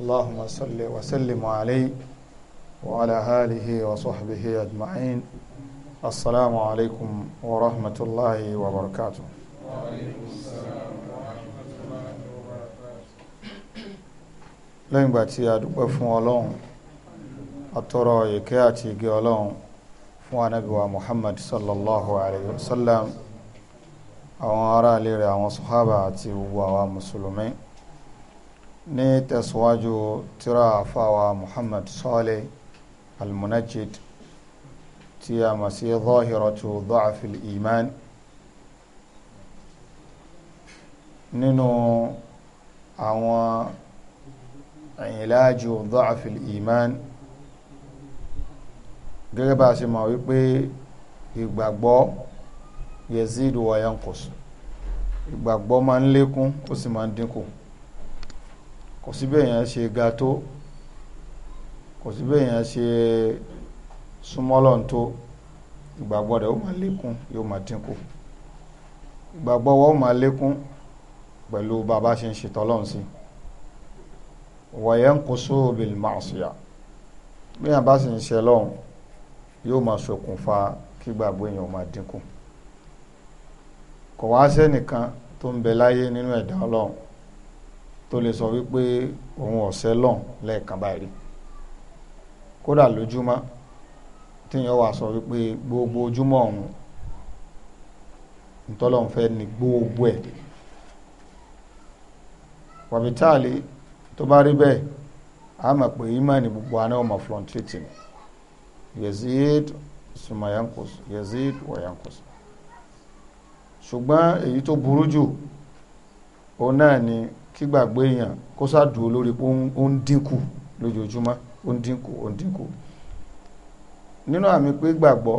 اللهم صل وسلم عليه وعلى آله وصحبه أجمعين السلام عليكم ورحمة الله وبركاته وعليكم السلام ورحمة الله وبركاته lẹ́yìn ìgbà tí a dúpẹ́ fún ọlọ́run àtọrọ ìkẹ́ àti ìgẹ́ ọlọ́run fún anábìwá muhammad sallallahu alayhi wa sallam àwọn aráalé rẹ̀ àwọn sọ́hábà àti gbogbo àwa mùsùlùmí ní tẹ̀síwájú tíra àfáwà Muhammad Saleh al-Munajjid tí a mọ̀ sí dhahiratu dha'fil iman nínú àwọn ìlàjú dha'fil iman gẹ́gẹ́ bá a ṣe mọ̀ wípé ìgbàgbọ́ yazidu wa yanqus ìgbàgbọ́ máa ń lékún ó sì máa ń dínkù kò sí bẹ́ẹ̀ yẹn ṣe ga tó kò sí bẹ́ẹ̀ yẹn ṣe súnmọ́lọ́n tó ìgbàgbọ́ rẹ̀ ó máa lékún yóò máa dínkù ìgbàgbọ́ wa ó máa lékún pẹ̀lú bàbá ṣe ń ṣètọ́ lọ́hùn sí wa yanqusu bil ma'siyah bí yàn bá sì ń ṣe lọ́hùn yóò máa ṣokùnfà kí gbàgbọ́ èèyàn ó máa dínkù kò wá sẹ́nìkan tó ń bẹ láyé nínú ẹ̀dá ọlọ́run tó lè sọ wípé òun ọ̀sẹ̀ lọ́n lẹ́ẹ̀kan báyìí rí kódà lójúmọ́ tíyàn wà sọ wípé gbogbo ojúmọ́ ọ̀hún ntọ́lọ́hún fẹ́ ni gbogbo ẹ̀ wàbítàlì tó bá rí bẹ́ẹ̀ a mọ̀ pé ìmọ̀ni gbogbo aná ọmọ flọ́ntrìtì ni yezid sumayankos yezid wayankos ṣùgbọ́n èyí tó burú jù òun náà ni kí gbàgbé èèyàn kó sádùú lórí pé ó ń dínkù lójoojúmọ́ ó ń dínkù ó ń dínkù nínú àmì pé gbàgbọ́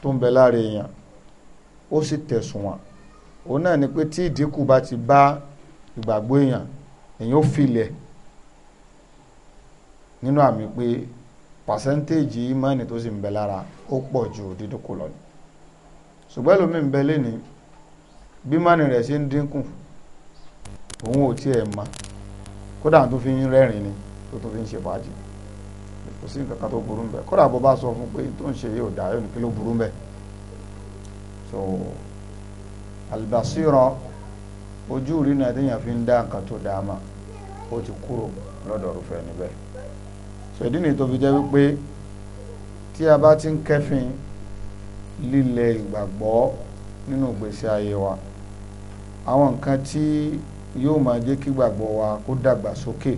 tó ń bẹ lára èèyàn ó sì tẹ̀sùnwọ̀n òun náà ni pé tí ìdínkù bá ti bá ìgbàgbọ́ èèyàn èèyàn ó filẹ̀ nínú àmì pé pàṣẹ́ntéèjì ìmọ̀ọ́nì tó sì ń bẹ lára ó pọ̀ ju dídínkù lọ ṣùgbọ́n lómi ń bẹ lẹ́ni bí mọ́ni rẹ̀ ṣe ń dínkù òun ò tiẹ̀ mọ̀ kódà tó fi ń rẹ́rìn ni tó tó fi ń ṣe fàájì kò sí nǹkan kan tó burú mbẹ kódà bó bá sọ fún pé tó ń ṣe yìí ò dá yóò kí ló burú mbẹ so alibasirọ ojú rí náà téèyàn fi ń dá nǹkan tó dáa mà ó ti kúrò lọ́dọ̀ níbẹ̀ so ìdí nìyí tó fi jẹ́ wípé tí a bá ti ń kẹ́fìn lílẹ̀ ìgbàgbọ́ nínú ìgbésí ayé wa àwọn nǹkan tí yóò máa jẹ́ kí gbàgbọ́ wa kó dàgbà sókè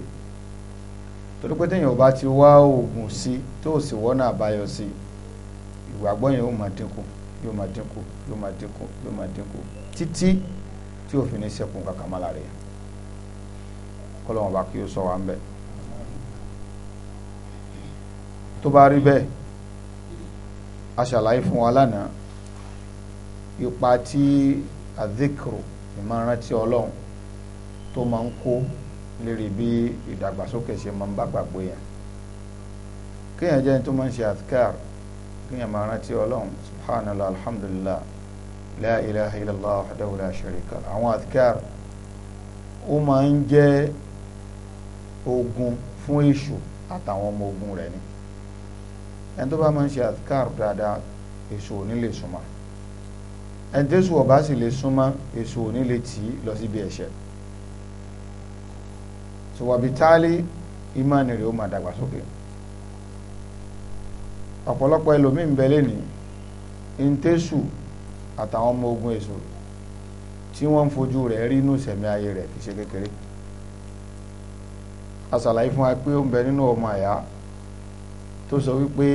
torí pé téèyàn bá ti wá oògùn sí tó o sì wọ́nà àbáyọ sí ìgbàgbọ́ yẹn yóò máa dínkù yóò máa dínkù yóò máa dínkù yóò máa dínkù títí tí òfin ní sẹ́kùn kankan má lára yẹn kọ́lọ́wọ́n bá kí o sọ wa ń bẹ̀ tó bá rí bẹ́ẹ̀ a ṣàlàyé fún wa lánàá ipa tí àdékòrò ìmọ̀ràn tí ọlọ́run tó máa ń kó lérí bí ìdàgbàsókè ṣe máa ń bá gbàgbé yẹn kéèyàn jẹ́ tó máa ń ṣe àtikáàr kéèyàn máa rántí ọlọ́run subhanallah alhamdulillah la ilaha illallah wahdahu la sharika àwọn àtikáàr ó máa ń jẹ́ ogun fún èṣù àtàwọn ọmọ ogun rẹ̀ ni ẹni tó bá máa ń ṣe àtikáàr dáadáa èṣù ò ní lè súnmọ́ ẹni tó èṣù ọ̀bá sì lè súnmọ́ èṣù ò ní lè tì í lọ síbi ẹ̀ṣẹ̀ so wàbí táálí ìmánì rẹ̀ ó máa dàgbàsókè ọ̀pọ̀lọpọ̀ ẹlòmíì ń bẹ lẹ́nìí ntẹ́sù àtàwọn ọmọ ogun èso tí wọ́n ń fojú rẹ̀ rí inú sẹ̀mí ayé rẹ̀ kì í ṣe kékeré asàlàyé fún wa pé ó ń bẹ nínú ọmọ àyà tó sọ wípé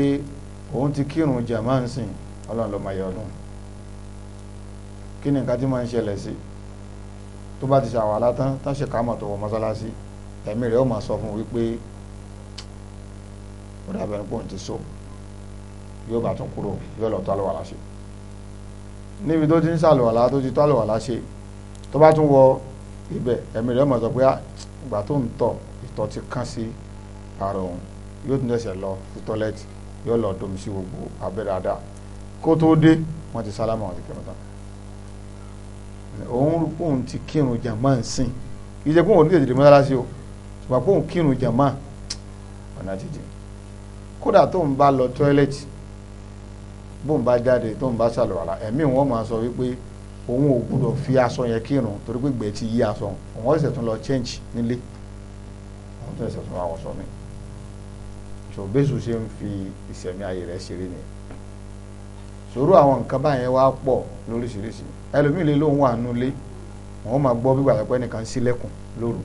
òun ti kírun jamansìn ọlọ́run lọ́mọ ayé ọdún kí ni nǹkan tí máa ń ṣẹlẹ̀ sí tó bá ti ṣàwàlá tán tán ṣe kàámọ̀ tó wọ mọ́sálásí ẹ̀mí rẹ̀ ó máa sọ fún wípé ó dàbẹ̀ ní pòun ti so yóò bá tún kúrò yóò lọ tó àlùwàlá ṣe níbi tó ti ń ṣàlùwàlá tó ti tó àlùwàlá ṣe tó bá tún wọ ibẹ̀ ẹ̀mí rẹ̀ ó máa sọ pé ah, ìgbà tó ń tọ̀ ìtọ̀ ti kán sí ara òun yóò tún dẹ̀sẹ̀ lọ sí tọ́lẹ́tì yóò lọ domi sí gbogbo abẹ́rẹ́ àdá kó tó dé wọ́n ti sálámà wọ́n ti kírun tán òun kóun ti kírun jàmáà ń sìn kì í ní èdè mọ́tálásí o ṣùgbọ́n pé òun kírun jàmá ọ̀nà jíjìn kódà tó ń bá lọ tọ́ẹ́lẹ̀tì bó ń bá jáde tó ń bá ṣàlùwàlà ẹ̀mí wọn máa sọ wípé òun ò gbúdọ̀ fi aṣọ yẹn kírun torí pé gbẹ̀ẹ́ ti yí aṣọ òun ọ̀sẹ̀ tún lọ change nílé òun tún ẹ̀sẹ̀ tún wà wọ̀ṣọ́ mi ṣòbéṣù ṣe ń fi ìṣẹ̀mí ayé rẹ̀ ṣeré ni sòrò àwọn nǹkan báyẹn wá pọ̀ lóríṣiríṣi ẹlòmíì lè lóun wà nulẹ̀ òun máa gbọ́ bí gbàgbọ́ ẹnìkan ṣílẹ̀kùn lóru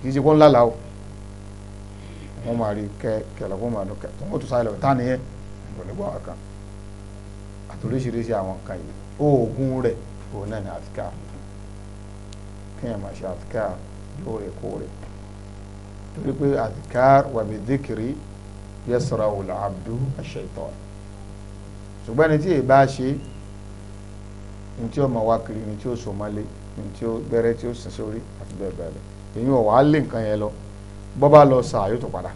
kì í kó ńlá la o wọ́n máa rí kẹ kẹlẹ kó máa dún kẹ tó ń kó tó sáré lọ tá nìyẹn kò ní gbọ́n kan àtòríṣiríṣi àwọn kan yìí oògùn rẹ̀ òun náà ni àtìká kíyàn máa ṣe àtìká lóòrèkóòrè torí pé àtìká wàbí díkìrì yẹsọ̀rọ̀ àwòlà abdú àṣẹ̀tọ̀ ṣùgbọ́n ẹni tí èèbá ṣe ní tí ó máa wá kiri ní tí ó so mọ́lé ní tí ó gbẹ́rẹ́ tí ó sìn sórí àti bẹ́ẹ̀ bẹ́ẹ̀ lọ èyí ò wá lé nǹkan yẹn lọ bọ́ bá lọ sà yóò tó padà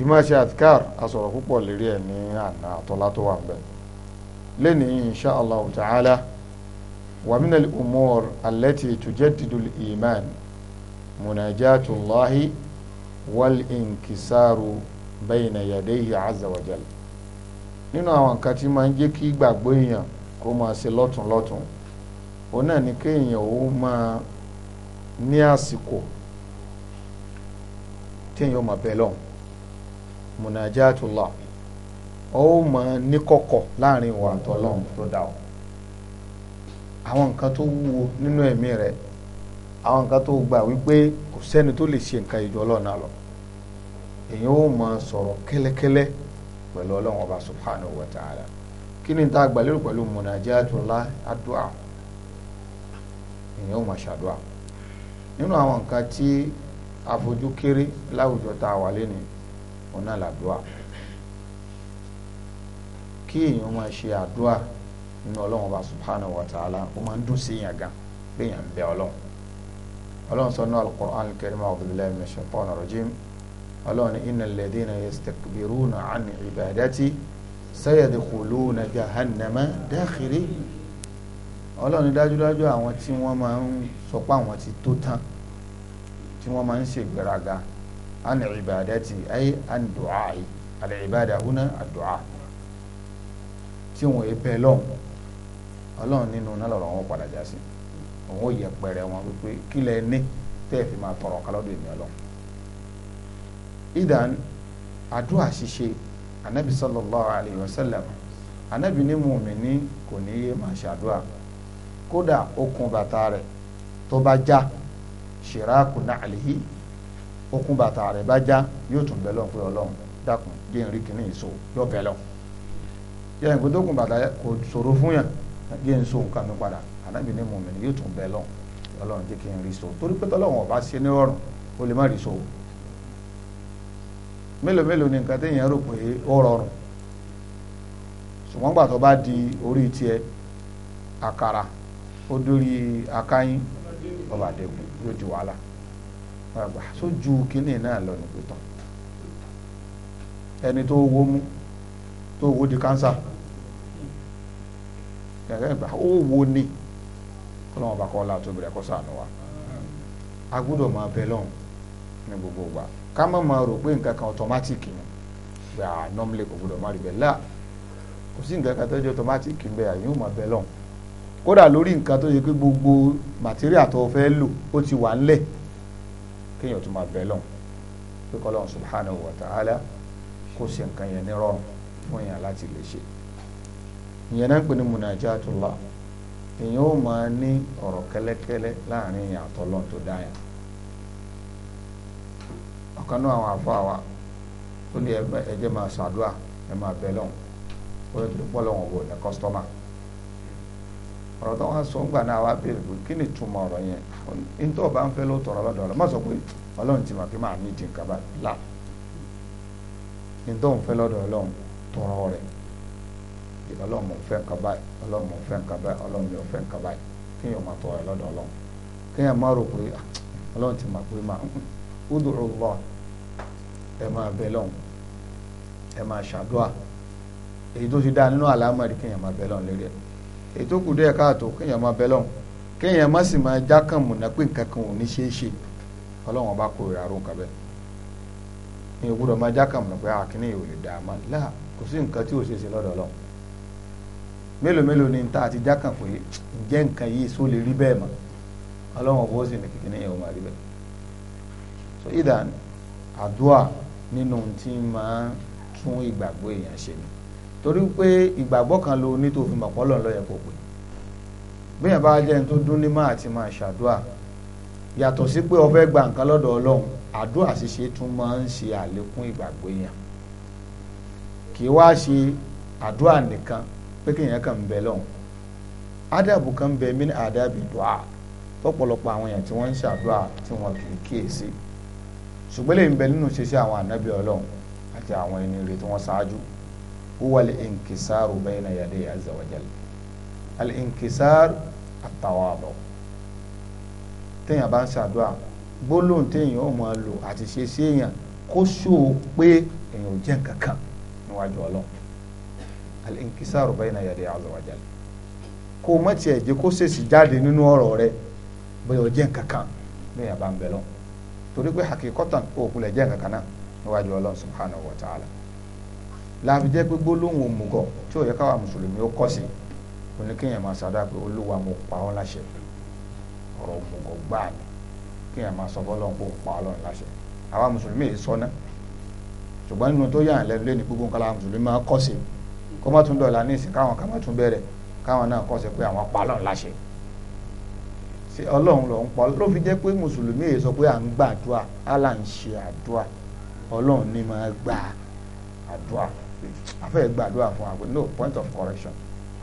ìmọ̀ọ́sẹ̀ àtikár asọ̀rọ̀ púpọ̀ lérí ẹ̀ ní àná àtọ́lá tó wà bẹ́ẹ̀ lẹ́ni insha allah ta'ala wa min al-umur allati tujaddidu al-iman munajatullahi wal inkisaru bayna yadayhi azza nínú àwọn nǹkan tí máa ń jẹ́ kí gbàgbọ́ èèyàn kó máa ṣe lọ́tùnlọ́tùn òun náà ni kéèyàn ó máa ní àsìkò téèyàn máa bẹ lọ́hùn munajatullah ó mọ níkọ̀kọ̀ láàrin ìwà tó dá àwọn nǹkan tó wúwo nínú ẹ̀mí rẹ àwọn nǹkan tó gbà wípé kò sẹni tó lè ṣe nǹkan ìjọ ọlọ́run náà lọ èyàn ó mọ sọ̀rọ̀ kẹ́lẹ́kẹ́lẹ́ pẹ̀lú ọlọ́run ọba subhanahu nínú àwọn nǹkan tí àfojú kéré láwùjọ tá a wà lẹ́nu ọ̀nà làdúà kí èèyàn máa ṣe àdúà nínú ọlọ́run ọba subhanahu wa ta'ala ó máa ń dùn sí èèyàn gan pé èèyàn ń bẹ ọlọ́run ọlọ́run sọ ní al-Qur'an al-Karim a'udhu billahi minash shaitani rajim ọlọ́run innal ladhina yastakbiruna an ibadati sayadkhuluna jahannama dakhirin ọlọ́run dájúdájú àwọn tí wọ́n máa ń sọ pé àwọn ti tó tán tí wọ́n máa ń ṣègbéraga an ibadati ay an du'ai al ibada huna ad du'a tí wọn èé bẹ́ẹ̀ lọ́hùn ọlọ́run nínú náà lọ́rọ̀ wọn padà já sí òun ò yẹ pẹrẹ wọn wípé kí lẹ ní tẹ́ fi máa tọrọ kálọ́dọ̀ èmi ọlọ́run. idan àdúrà ṣíṣe anabi sallallahu alayhi wa sallam anabi ní mùmí ní kò ní yé máa ṣàdúrà kódà okun bàtà rẹ̀ tó bá já ṣìráàkù nàlìhí okun bàtà rẹ̀ bá já yóò tún bẹ̀ lọ́n ọlọ́run dákun jẹ́ ìrìn kìíní ìṣó yóò bẹ̀ lọ́n jẹ́ ìpín tó kùn bàtà kò ṣòro fún yàn jẹ́ ìṣó nǹkan mi padà ànábì ní yóò tún n so torí pé tọ́lọ́run ọba ṣe ní ọrùn so mélòó mélòó ni nǹkan téèyàn rò pé ó rọrùn ṣùgbọ́n bá ó dórí akáyín ọba àdẹ́kùn yóò di wàhálà àgbà sójú kínní náà lọ nígbè tán ẹni tó wó mú tó wó di kánsà gẹ́gẹ́ ìgbà ó wo ni kọ́lọ́mọ bá kọ́ láti obìnrin ẹ̀kọ́ sànù wa a gbọ́dọ̀ máa bẹ lọ́hùn ní gbogbo ìgbà ká má máa rò pé nǹkan kan ọ̀tọ́mátìkì ni gbà ah, nọ́mìlẹ̀ kò gbọ́dọ̀ má rí bẹ́ẹ̀ láà kò sí nǹkan kan tó jẹ́ ọ̀tọ́mátìkì bẹ́ẹ̀ àyìn máa bẹ lọ́hùn kódà lórí nǹkan tó yẹ pé gbogbo màtíríà tó fẹ́ lò ó ti wà ńlẹ̀ kéèyàn tó máa bẹ̀ lọ́hùn pé kọ́lọ́hùn subhanahu wa ta'ala kó ṣe nǹkan yẹn ní rọrùn fún èèyàn láti lè ṣe ìyẹn náà ń pè ní munajatullah èèyàn ó máa ní ọ̀rọ̀ kẹ́lẹ́kẹ́lẹ́ láàrin èèyàn àtọ́lọ́hùn tó dá ọ̀kan náà àwọn àfọ àwa ó ní ẹjẹ́ máa ṣàdúrà ẹ máa bẹ̀ lọ́hùn ó yẹ kí ló pọ́ lọ́hùn wò ní kọ́sítọ́mà ọ̀rọ̀ tó wọ́n sọ ń gbà náà wá béèrè pé kí ni ìtumọ̀ ọ̀rọ̀ yẹn ní tó o bá ń fẹ́ ló tọ̀rọ̀ lọ́dọ̀ ọ̀rọ̀ má sọ pé ọlọ́run ti mọ̀ pé máa ní ìdí nǹkan bá là ní tó ń fẹ́ lọ́dọ̀ ọlọ́run tọ̀rọ̀ rẹ̀ ọlọ́run mò ń fẹ́ nǹkan báyìí ọlọ́run mò ń fẹ́ nǹkan báyìí ọlọ́run mi ò fẹ́ nǹkan báyìí kéèyàn máa tọ̀rọ̀ lọ́dọ̀ ọlọ́run kéèyàn má rò pé ọlọ́run ti mọ̀ pé máa ń dùrù lọ ẹ máa bẹ lọ́hùn ẹ máa ṣàdúà èyí tó ti dá nínú àlámọ̀rí kéèyàn máa bẹ lọ́hùn lérí ẹ̀ ètò kù díẹ̀ káàtó kéèyàn máa bẹ lọ́hùn kéèyàn má sì máa jákàn mùnà pé nǹkan kan ò ní ṣeé ṣe ọlọ́run ọba kò ìrarò nǹkan bẹ́ẹ̀ ní o gbúdọ̀ máa jákàn mùnà pé àkíní ah, yìí ò lè dàá máa láà kò sí nǹkan tí ò ṣeé ṣe lọ́dọ̀ ọlọ́run mélòó mélòó ni ta àti jákàn pé ǹjẹ́ nǹkan yìí só lè rí bẹ́ẹ̀ mọ́ ọlọ́run ọba ó sì ní kíkíní yẹn ò máa so ìdá àdúà nínú tí máa tún ìgbàgbọ́ èèyàn ṣe ni torí pé ìgbàgbọ́ kan ló ní tó fi mọ̀ pọ́lọ̀ lọ́yẹ kò pé bẹ́ẹ̀ bá jẹ́ ní tó dún ní máa ti máa ṣàdúà yàtọ̀ sí pé o fẹ́ gba nǹkan lọ́dọ̀ ọlọ́run àdúà ṣíṣe tún máa ń ṣe àlékún ìgbàgbọ́ èèyàn kì í wá ṣe àdúà nìkan pé kéèyàn kàn ń bẹ lọ́hùn ádàbù kan bẹ mí ní àdàbì dùà tọ́pọ̀lọpọ̀ àwọn èèyàn tí wọ́n ń ṣàdúà tí wọ́n kì í kíyèsí ṣùgbọ́n lè ń bẹ nínú ṣíṣe àwọn ànábì ọlọ́run àti àwọn ẹni rè tí wọ́n ṣáájú huwa al-inkisaru bayna yaday azza wa jal al-inkisar at-tawadu téèyàn bá ń ṣàdúrà gbólóhùn téèyàn ó máa lò àti ṣe sí èèyàn kó ṣó o pé èèyàn ò jẹ́ nǹkan kan níwájú ọlọ́run al-inkisaru bayna yaday azza wa jal kó o mọ̀ tiẹ̀ jẹ́ kó ṣèṣì jáde nínú ọ̀rọ̀ rẹ bóyá o jẹ́ nǹkan kan bẹ́ẹ̀ yà bá ń bẹ lọ torí pé hakikọ́tàn òkú lẹ̀ jẹ́ nǹkan kan náà níwájú ọlọ́run subhanahu wa ta'ala láàbí jẹ́ pé gbólóhùn òmùgọ̀ tí ò yẹ káwa mùsùlùmí ó kọ́ sí oníkéèyàn máa ṣàdá pé olúwa mo pa ọ́ láṣẹ ọ̀rọ̀ òmùgọ̀ gbáà ni kéèyàn máa sọ bọ́lọ̀ kó pa ọlọ́run láṣẹ àwa mùsùlùmí yìí sọ́nà ṣùgbọ́n nínú tó yàn lẹ́nu lẹ́nu gbogbo nǹkan làwọn mùsùlùmí máa kọ́ sí kó má tún dọ̀la ní ìsìn káwọn ká má tún bẹ̀rẹ̀ káwọn náà kọ́ sí pé àwọn pa ọlọ́run láṣẹ ṣe ọlọ́run ló ń pa ló fi jẹ́ pé mùsùlùmí yìí sọ pé à ń gbàdúrà Allah ń ṣe àdúrà ọlọ́run ni máa gbà àdúrà pé afẹ́ gbàdúrà fún wa no point of correction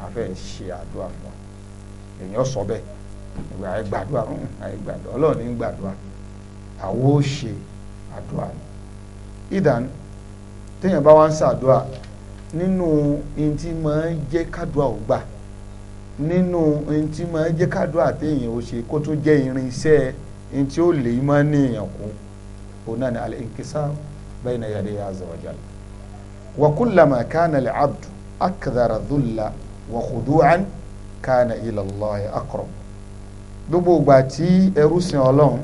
afẹ́ ṣe àdúrà fún wa èèyàn sọ bẹ́ẹ̀ ìwé àyè gbàdúrà ń àyè gbàdúrà ọlọ́run ní gbàdúrà àwo ṣe àdúrà ni ìdán téèyàn bá wá ń ṣàdúrà nínú ohun tí máa ń jẹ́ kádùá ò gbà nínú ohun tí máa ń jẹ́ kádùá téèyàn ò ṣe kó tó jẹ́ irinṣẹ́ ohun tí ó lè máa ní èèyàn kú òun náà ni al-inkisar bayna yadayhi azza wa وكلما كان العبد أكثر ذلا وخضوعا كان إلى الله أقرب gbogbo ìgbà tí ẹrú sin ọlọ́run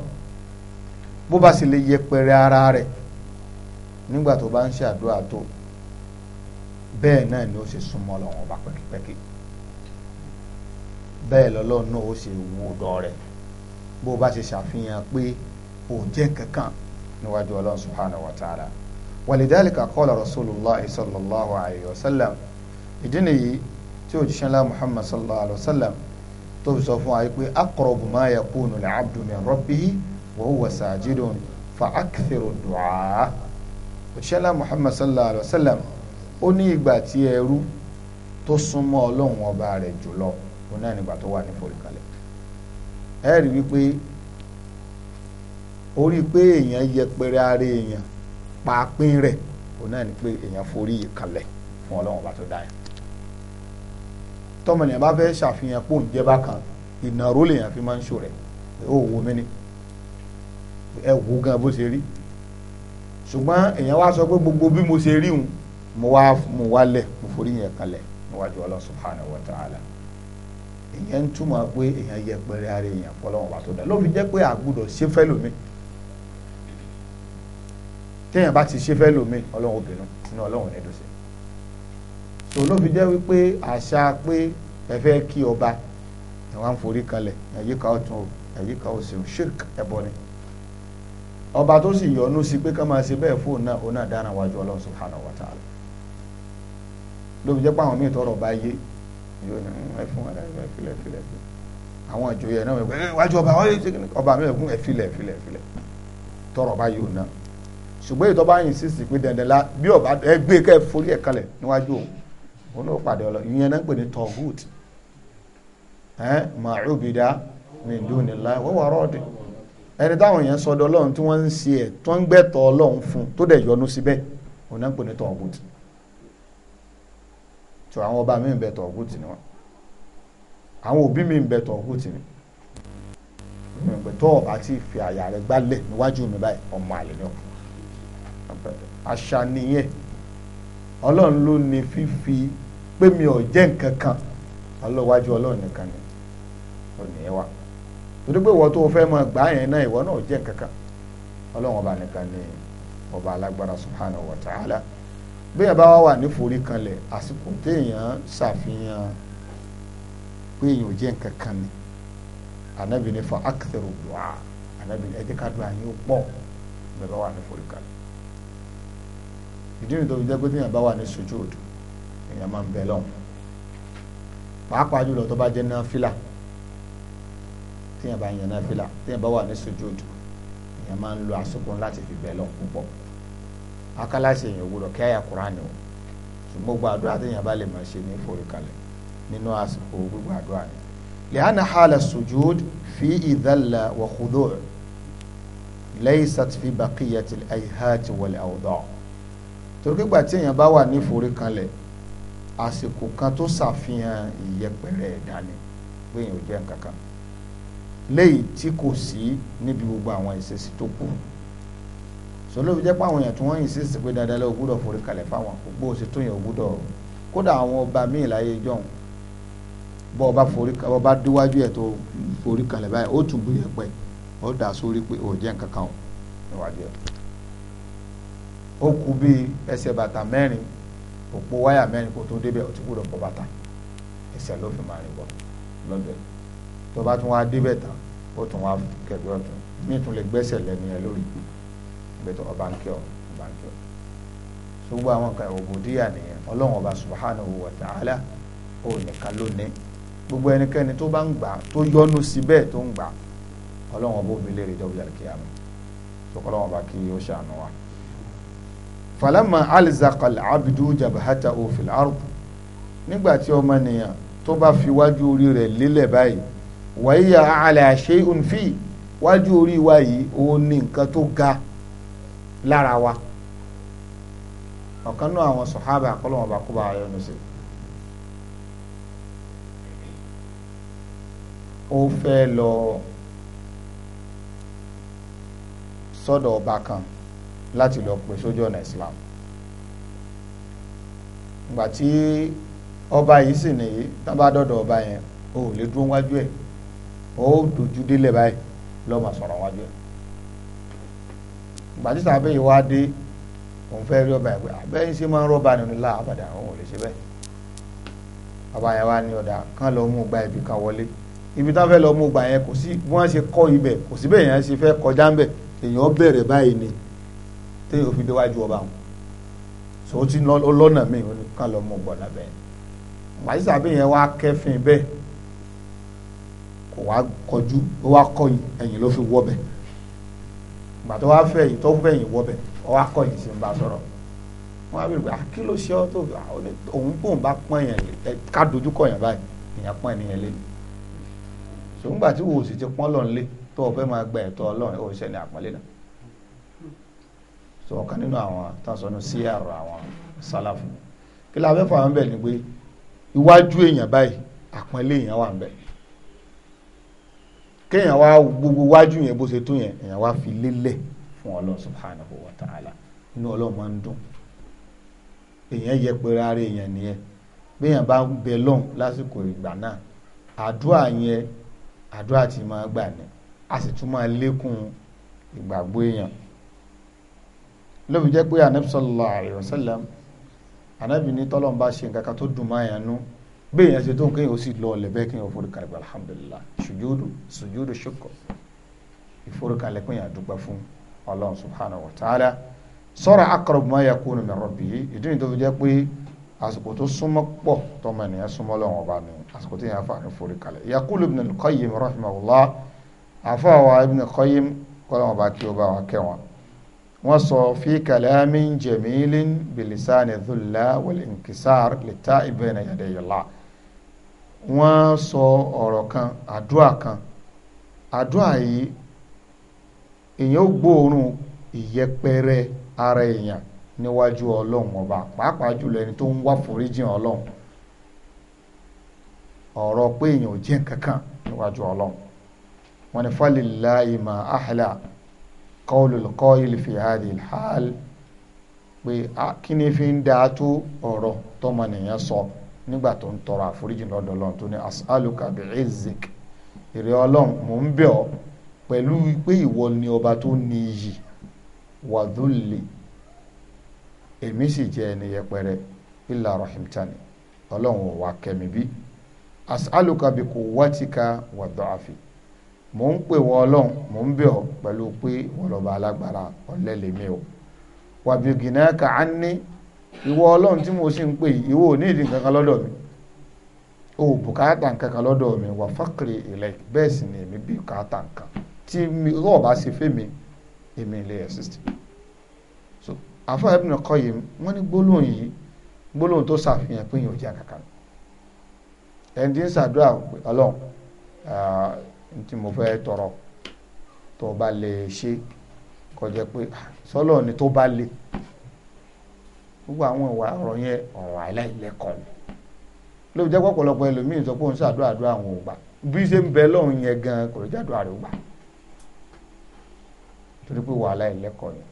bó bá sì lè yẹpẹrẹ ara rẹ̀ nígbà tó bá ń ṣe àdúrà tó bẹ́ẹ̀ náà ni ó ṣe súnmọ́ ọlọ́run ọba pẹ́kípẹ́kí bẹ́ẹ̀ lọ́lọ́run náà ó ṣe wo ọ̀dọ̀ rẹ̀ bó bá ṣe ṣàfihàn pé òun jẹ́ kankan níwájú ọlọ́run subhanahu wa ta'ala walidhalika qala rasulullah sallallahu alayhi wa sallam ìdí nìyí tí òjíṣẹ́ ńlá muhammad sallallahu alayhi wa sallam tó fi sọ fún wa pé aqrabu ma yakunu al-abdu min rabbihi wa huwa sajidun fa akthiru du'a òjíṣẹ́ ńlá muhammad sallallahu alayhi wa sallam ó ní ìgbà tí ẹrú tó súnmọ́ ọlọ́run ọba rẹ̀ jùlọ òun náà nígbà tó wà ní foríkalẹ̀ ẹ rí wípé orí pé èèyàn yẹpẹrẹ ara èèyàn paapin rẹ̀ òun náà ni pé èèyàn forí ìkàlẹ̀ fún ọlọ́run ọba tó dá yẹn tọmọnìyàn bá fẹ́ ṣàfihàn pò ń jẹ́ bákan ìnáró lèèyàn fi máa ń ṣò rẹ̀ ó wo mí ni ẹ wo gan bó ṣe rí ṣùgbọ́n èèyàn wá sọ pé gbogbo bí mo ṣe rí òun mo wá mo wá lẹ̀ mo forí yẹn kalẹ̀ níwájú ọlọ́run subhanahu wa ta'ala èèyàn ń túmọ̀ pé èèyàn yẹpẹrẹ ara èèyàn fọlọ́run ọba tó dá ló fi jẹ́ pé àgbùdọ̀ ṣe fẹ́ lómi téèyàn bá ti ṣe fẹ́ lómi ọlọ́run obìnrin inú ọlọ́run ẹ̀dùn sí tò ló fi jẹ́ wípé àṣà pé ẹ fẹ́ kí ọba ẹ̀wọ̀n forí kalẹ̀ ẹ̀yíká ọ̀tún ẹ̀yíká òsìn ṣírk ẹ̀bọ ni ọba tó sì yọ́nú sí pé ká máa ṣe bẹ́ẹ̀ fóun náà òun náà dára wájú ọlọ́run subhanahu wa ta'ala ló fi jẹ́ pé àwọn míì tọrọ bá yé yóò ní hmm, ẹ fún wa ẹ filẹ̀ filẹ̀ filẹ̀ àwọn ìjòyè náà eh, wájú ọba ọba mi ẹ fún ẹ filẹ̀ filẹ̀ filẹ̀ tọrọ bá yóò náà ṣùgbọ́n ìtọ́ bá yìn sí pé dandan la bí ọba ẹgbẹ́ kẹ́ forí ẹ̀ kalẹ̀ níwájú òun òun náà pàdé ọlọ ìyẹn náà ń pè ní tọhút ẹn màrúbìdá mìdúnilá wọ́wọ́ rọ́ọ̀dì ẹni táwọn èèyàn sọdọ ọlọ́run tí wọ́n ń ṣe ẹ̀ tó ń gbẹ̀tọ̀ ọlọ́run fún tó dẹ̀ yọnu síbẹ̀ òun náà ń pè ní tọhút tó àwọn ọba mi ń bẹ tọhút ni wọn àwọn òbí mi ń bẹ tọhút ni tó ọba ti fi àyà rẹ gbálẹ̀ níwájú mi báyìí ọmọ àlè ni ọkùnrin àṣà nìyẹn ọlọ́run ló ní fífi pé mi ò jẹ́ nǹkan kan ọlọ́wájú ọlọ́run nìkan ni ò ní í wá torí pé ìwọ tó o fẹ́ mọ gbà yẹn náà ìwọ náà ò jẹ́ nǹkan kan ọlọ́run ọba nìkan ni ọba alágbára subhanahu wa ta'ala bẹ́ẹ̀ bá wà ní forí kanlẹ̀ àsìkò téèyàn ṣàfihàn pé èèyàn ò jẹ́ nǹkan kan ni anabi ní fa akitẹ̀rù dùn á anabi ní ẹ̀jẹ̀ ká dùn àyìn ó pọ̀ bẹ́ẹ̀ bá wà ní forí kanlẹ̀ ìdí nìyí tó fi jẹ́ pé téèyàn bá wà ní sujud èèyàn máa ń bẹ lọ́hùn pàápàá jùlọ tó bá jẹ́ náfìlà téèyàn bá yan náfìlà téèyàn bá wà ní sujud èèyàn máa ń lo àsìkò láti fi bẹ lọ́hùn púpọ̀ akálàsì èèyàn òwúrọ̀ kí àyà Kùránì o ṣùgbọ́n gbogbo àdúrà téèyàn bá lè máa ṣe ní ìforíkalẹ̀ nínú àsìkò gbogbo àdúrà ni لأن حال السجود في ذل وخضوع ليست في بقية الأيهات والأوضاع torí pígbà tí èèyàn bá wà ní ìforíkanlẹ̀ àsìkò kan tó ṣàfihàn ìyẹpẹrẹ ẹ̀dá ni pé èèyàn ò jẹ́ nǹkan kan léyìí tí kò sí níbi gbogbo àwọn ìṣesí tó kù sọlọ́bi jẹ́ pé àwọn èèyàn tí wọ́n yìn sísè pé dáadáa lọ́wọ́ gbúdọ̀ forí kalẹ̀ fáwọn gbogbo òsì tó yàn gbúdọ̀ kódà àwọn ọba míì láyé jọ̀hún bọ́ ọba forí kalẹ̀ ọba díwájú ẹ̀ tó forí kalẹ̀ báyìí ó tún bú yẹpẹ̀ ó dà sórí pé ó jẹ́ nǹkan níwájú ẹ̀ ó kú bíi ẹsẹ̀ bàtà mẹ́rin òpó wáyà mẹ́rin kó tó débẹ̀ ó ti kúrò bọ́ bàtà ẹsẹ̀ ló fi máa rìn bọ̀ lọ́dọ̀ tó bá tún wá débẹ̀ tán ó tún wá kẹgbẹ́ ọ̀tún míì tún lè gbẹ́sẹ̀ lẹ́nu yẹn lórí ìgbẹ́tọ̀ ọba ń kẹ́ ọ ọba ń kẹ́ ọ ṣùgbọ́n àwọn kan òbòdíyà nìyẹn ọlọ́run ọba subhanahu wa ta'ala ó nìkan lónìí gbogbo ẹnikẹ́ni tó bá ń gbà tó yọnu sí bẹ́ẹ̀ tó ń gbà ọlọ́run ọba òbí lè rí kíyàmù ṣùgbọ́n ọba kí ó ṣàánú wa falama alizakal abidu jabahata ofil ardu nígbà tí ọmọnìyàn tó bá fi wájú orí rẹ̀ lélẹ̀ báyìí wàyíyà àlàṣe ònfì wájú orí wa yìí òun ní nǹkan tó ga lára wa ọ̀kan náà àwọn sọ̀hábà kọ́lọ́wọ́n bá kó bá yọnu sí ó fẹ́ lọ sọ́dọ̀ ọba kan. So láti lọ pè sójú ọ̀nà Islam ìgbà tí ọba yìí sì nìyí tá bá dọ̀dọ̀ ọba yẹn o ò lè dúró wájú ẹ̀ o ò dojú délẹ̀ báyìí lọ́ọ́ máa sọ̀rọ̀ wájú ẹ̀ ìgbà tí sàbẹ̀ yìí wá dé òun fẹ́ rí ọba yẹn pé abẹ́yìn sí máa ń rọ́ọ̀bà nínú ilá àbàdà òun ò lè ṣe bẹ́ẹ̀ ọba yẹn wá ní ọ̀dà kán lọ mú gba ibì kan wọlé ibi táwọn fẹ́ lọ mú gba yẹn kò sí bí wọ́n ṣe kọ́ ibẹ̀ kò sí bẹ́ẹ̀ yẹn ṣe fẹ́ kọjá ń èèyàn bẹ̀rẹ̀ báyìí ni téèyàn fi déwájú ọba wọn so ti lọ́nà míì ó ní ká lọ mú bọ̀ lábẹ́ wàyísà bẹ́ẹ̀ yẹn wá kẹ́fìn bẹ́ẹ̀ kò wá kọjú ó wá kọ́ ẹ̀yìn ló fi wọ́ bẹ́ẹ̀ tó wá fẹ́ yìí tó fẹ́ yìí wọ́ ó wá kọ́ sí ń bá sọ̀rọ̀ wọn á bẹ̀rẹ̀ ah, kí ló ṣe ọ́ tó ah, òun bóun bá pọ́n yẹn ká dojú kọ yẹn báyìí ìyẹn pọ́n ènìyàn lé ni so ńgbà tí wo sì ti pọ́n lọ́n lé tó o fẹ́ máa gba ẹ̀tọ́ ọlọ́run ó ṣẹ́ni àpọ́nlé náà so ọ̀kan nínú àwọn tásánù sí àrò àwọn sálàfù kí la fẹ́ fà wọn bẹ̀ ni pé iwájú èèyàn báyìí àpọ́nlé èèyàn wà ń bẹ̀ kéèyàn wá gbogbo wájú yẹn bó ṣe tó yẹn èèyàn wá fi lélẹ̀ fún ọlọ́run subhanahu wa ta'ala inú ọlọ́run máa ń dùn èèyàn yẹpẹrẹ ara èèyàn nìyẹn béèyàn bá bẹ lọ́hùn lásìkò ìgbà náà àdúrà yẹn àdúrà tí máa gbà ní a sì tún máa lékún ìgbàgbọ́ èèyàn ló fi jẹ́ pé anabi sallallahu alayhi wa sallam anabi ní tọ́lọ̀ ń bá ṣe nǹkan kan tó dùn máa yàn nú bẹ́ẹ̀ yẹn ṣe tó ń kéèyàn ó sì lọ ọ̀lẹ̀ bẹ́ẹ̀ kéèyàn ó forí kalẹ̀ pé alhamdulilah sujudu sujudu shukr ìforíkalẹ̀ pé yàn dùgbà fún ọlọ́run subhanahu wa ta'ala sọ́ra aqrab ma yakunu min rabbih ìdí nìyí tó fi jẹ́ pé àsìkò tó súnmọ́ pọ̀ tọmọ ènìyàn súnmọ́ lọ́wọ́ ọba ni àsìkò tó yàn fàánù forí kalẹ̀ yakulu ibn al-qayyim rahimahullah àfọwọ́ ibn al-qayyim kí ó bá wọn kẹ́wọn wọ́n sọ fi kalamin jamilin bilisani dhulla wal inkisar lita ibena yadayala wọ́n sọ ọ̀rọ̀ kan àdúrà kan àdúrà yìí èèyàn ó gbóòórùn ìyẹpẹrẹ ara èèyàn níwájú ọlọ́run ọba pàápàá jùlọ ẹni tó ń wá foríjìn ọlọ́run ọ̀rọ̀ pé èèyàn ò jẹ́ kankan níwájú ọlọ́run wọ́n ní falilayi ma ahla qawlul qail fi hadhihi al-hal pé kí ni fi ń dáa tó ọ̀rọ̀ tọmọnìyàn sọ nígbà tó ń tọrọ àforíjì lọ́dọ̀ ọlọ́run tó ní as'aluka bi'izzik ìrẹ́ ọlọ́run mò ń bẹ̀ ọ́ pẹ̀lú pé ìwọ ni ọba tó ní iyì wàdúlì èmi sì jẹ́ ẹni yẹpẹrẹ illa rahimtani ọlọ́run ò wá kẹ́mi bí as'aluka bi quwwatika wa dha'fi mo ń pè wọ ọlọ́run mò ń bẹ̀ pe pẹ̀lú pé wọ́n alágbára ọ̀lẹ lèmi o wàbí á ní ìwọ ọlọ́run tí mo sì ń pè ìwọ ò ìdí nǹkan kan lọ́dọ̀ mi o bùkátà nǹkan kan mi wà fákìrì ilẹ̀ bẹ́ẹ̀ sì ni èmi bùkátà nǹkan tí mi rọ̀ bá ṣe fẹ́ mi èmi ilé exist so àfa Ibn Qayyim wọ́n ní gbólóhùn yìí gbólóhùn tó ṣàfihàn pé yìí ò jẹ́ kankan tí mo fẹ́ tọrọ tó bá lè ṣe kọjá pé ah, sọ́lọ̀ ni tó bá lè gbogbo àwọn ìwà ọ̀rọ̀ yẹn ọ̀rọ̀ àìláìlẹ́kọ̀ọ́ ló jẹ́ pọ̀pọ̀lọpọ̀ ẹlòmíì sọ pé òun ṣàdúrà àdúrà àwọn ògbà bí ṣe ń bẹ lọ́hùn yẹn gan kò lè jádùn àrè ògbà torí pé wàhálà ìlẹ́kọ̀ọ́ ni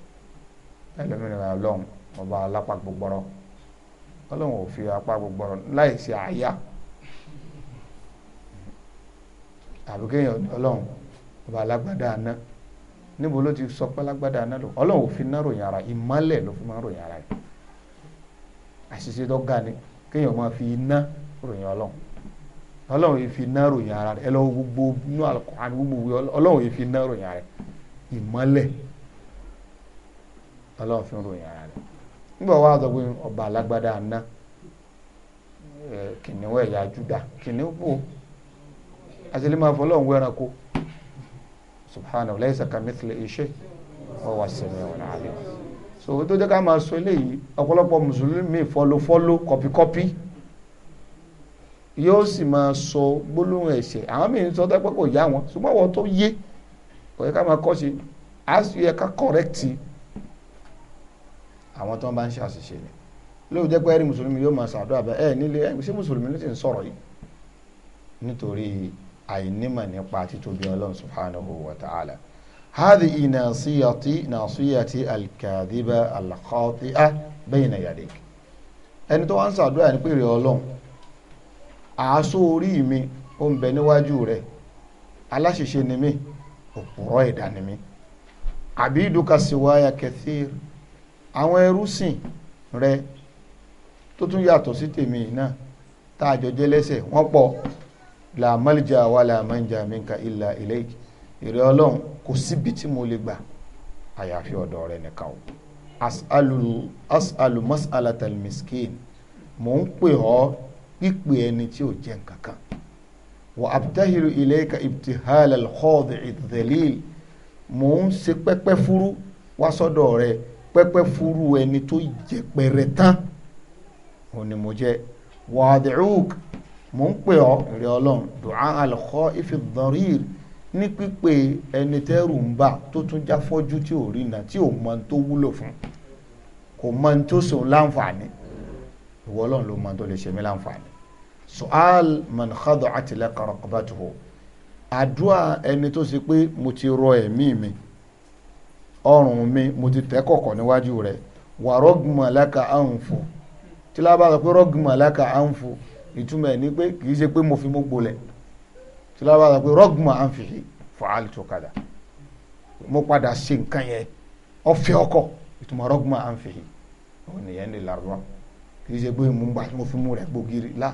ẹlòmíì rẹ̀ ọlọ́run ọba alápá gbogbo ọ̀rọ̀ ọlọ́run ò fi apá gbogbo ọ̀rọ̀ láì ṣe àyà àbí kéèyàn ọlọ́run ọba alágbádá aná níbo ló ti sọ pé alágbádá aná lò ọlọ́run ò fi ná ròyìn ara ìmọ́lẹ̀ ló fi máa ń ròyìn ara rẹ̀ àṣìṣe tó ga ni kéèyàn máa fi iná ròyìn ọlọ́run ọlọ́run yìí fi ròyìn àṣẹlẹ̀ máa fọlọ́run wẹ́ranko subhanahu laysa kamithlihi shay wa huwa as-sami'ul 'alim so tó jẹ́ ká máa sọ eléyìí ọ̀pọ̀lọpọ̀ mùsùlùmí fọlọ́fọlọ́ kọpíkọpí yóò sì máa sọ gbólóhùn ẹ̀ṣẹ̀ àwọn mìíràn sọ pé kò yá wọn ṣùgbọ́n àwọn tó yé kò yẹ ká máa kọ́ sí i yẹ ká kọ̀rẹ́kìtì àwọn tó ń bá ń ṣe ni lóò jẹ́ pé ẹ̀rí mùsùlùmí yóò máa ṣàdúrà bẹ́ẹ̀ nílé ẹ̀ ṣé mùsùlùmí ló ti ń sọ̀rọ̀ yìí nítorí àìnímọ̀ nípa títóbi ọlọ́run subhanahu wa ta'ala hadhihi nasiyati nasiyati alkadiba alkhati'a bayna yadik ẹni tó wá ń sàdúrà ní pèrè ọlọ́run àásó orí mi ó ń bẹ níwájú rẹ̀ aláṣìṣe ni mí òpùrọ̀ ẹ̀dá ni mí abiduka siwaya kathir àwọn ẹrúsìn rẹ̀ tó tún yàtọ̀ sí tèmi náà tá a jọ jẹ́ lẹ́sẹ̀ wọ́n pọ̀ la malja wa la manja minka illa ilayk ìrẹ Ọlọ́run kò síbi tí mo lè gbà àyàfi ọ̀dọ̀ rẹ nìkan o as'alu as'alu mas'alatal miskin mò ń pè ọ́ pípè ẹni tí ò jẹ nǹkan kan wa abtahilu ilayka ibtihalal khadi'i dhalil mò ń ṣe pẹ́pẹ́ fúrú wá sọ́dọ̀ rẹ pẹ́pẹ́ fúrú ẹni tó jẹpẹrẹ tán òní mo jẹ wàdìrúkà mò ń pè ọ́ ìrẹ́ ọlọ́run dùá alùkọ́ ìfìdọ́rìr ní pípé ẹni tẹ́rù ń bà tó tún já fọ́jú tí ò rí nà tí ò mọ tó wúlò fún kò mọ tó sùn láǹfààní ìwọ ọlọ́run ló mọ tó lè ṣe mí láǹfààní su'al man khada'at laka àdúrà ẹni tó ṣe pé mo ti rọ ẹ̀mí mi ọrùn mi mo ti tẹ́ kọ̀kọ̀ níwájú rẹ̀ wà rọ́gùmọ̀ láka anfu tí lábàá sọ pé rọ́gùmọ̀ láka anfu ìtumọ̀ ẹ̀ ni pé kì í ṣe pé mo fi mú gbolẹ̀ tí lábàá sọ pé rọ́gùnmọ̀ à ń fi fàálì tó kadà mo padà ṣe nǹkan yẹn ọ̀fẹ́ ọkọ̀ ìtumọ̀ rọ́gùnmọ̀ à ń fi òun nìyẹn ní làrúbá kì í ṣe pé mo gbà mo fi mú rẹ̀ gbògiri lá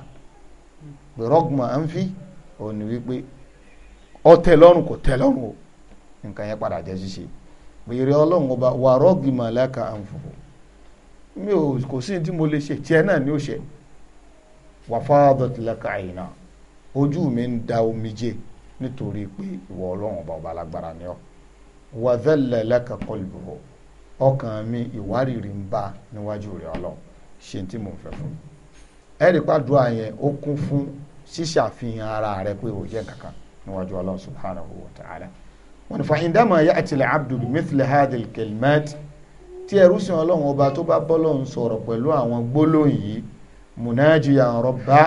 pé rọ́gùnmọ̀ à ń fi òun ni wípé ọtẹ lọ́rùn kò tẹ lọ́rùn o nǹkan yẹn padà jẹ́ ṣíṣe bèrè ọlọ́run ọba wà rọ́gùnmọ̀ lẹ́ka à ń fò mi ò kò sí ní tí mo lè ṣe tiẹ̀ náà ni ó ṣe wafadat laka aina ojú mi ń da omijé nítorí pé ìwọ ọlọ́run ọba ọba alágbára ni ọ wàdẹ́lẹ̀ laka qalbuhu ọkàn mi ìwárìrì ń bá níwájú rẹ ọlọ́run ṣe tí mò ń fẹ́ fún mi ẹ̀rí pàdúrà yẹn ó kún fún ṣíṣàfihàn ara rẹ pé ò kankan níwájú ọlọ́run subhanahu wa ta'ala wọn ni fàyíndàmọ̀ ayé àtìlẹ̀ abdul mithli hadil kelmet tí ẹrú sìn ọlọ́run ọba tó bá bọ́lọ́run sọ̀rọ̀ pẹ̀lú àwọn gbólóhùn yìí mùnájìyà rọ̀bá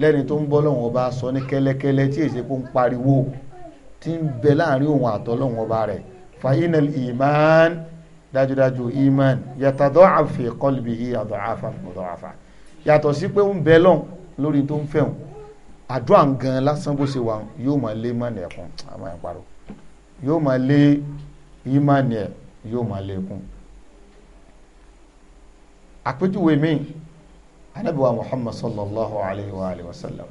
lẹ́ni tó ń bọ́ lọ́wọ́n ọba sọ ní kẹ́lẹ́kẹ́lẹ́ tí èsì kó ń pariwo tí ń bẹ láàrin òun àtọ́lọ́wọ́n ọba rẹ̀ fa inal iman dájúdájú iman yàtàdọ́ àfẹ́ kọlùbí àdọ̀ àfà mọ̀dọ̀ àfà yàtọ̀ sí pé ń bẹ lọ́n lórí tó ń fẹ́hùn àdúrà gan lásán bó ṣe wà yóò máa lé mọ́ni ẹ̀kún àmọ́ ẹ̀ parọ́ yóò máa lé imani ẹ̀ yóò máa lé e kún àpèjúwe míì anabi wa muhammad sallallahu alayhi wa alayhi wa sallam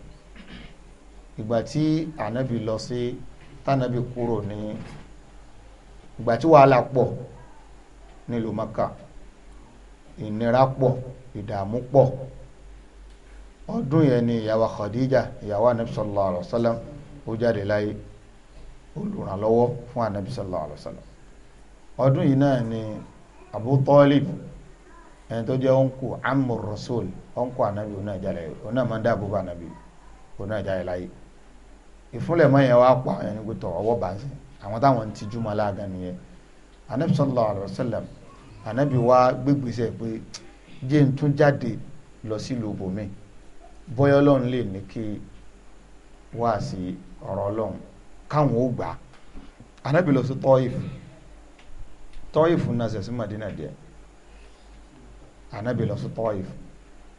ìgbà tí anabi lọ sí tanabi kúrò ní ìgbà tí wàhálà pọ̀ nílùú maka ìnira pọ̀ ìdààmú pọ̀ ọdún yẹn ni ìyàwó khadija ìyàwó anabi sallallahu alayhi wa sallam ó jáde láyé olùrànlọ́wọ́ fún anabi sallallahu alayhi wa sallam ọdún yìí náà ni abu talib ẹni tó jẹ́ òǹkù amur rasul ọ̀nkọ́ ànábì òun náà jalè òun náà máa ń dáàbò bá ànábì òun náà jalè láyé ìfúnlẹ̀ mọ́ yẹn wá pa àwọn ẹni gbẹtọ̀ ọwọ́ bá ń sìn àwọn táwọn ti jú mọ́ aláàgán nìyẹn ànábì sallallahu alaihi wasallam ànábì wá gbégbèsè pé jẹ́ ń tún jáde lọ sílùú bòmíì bọ́yọ́ ọlọ́run lè ní kí wá sí ọ̀rọ̀ ọlọ́run káwọn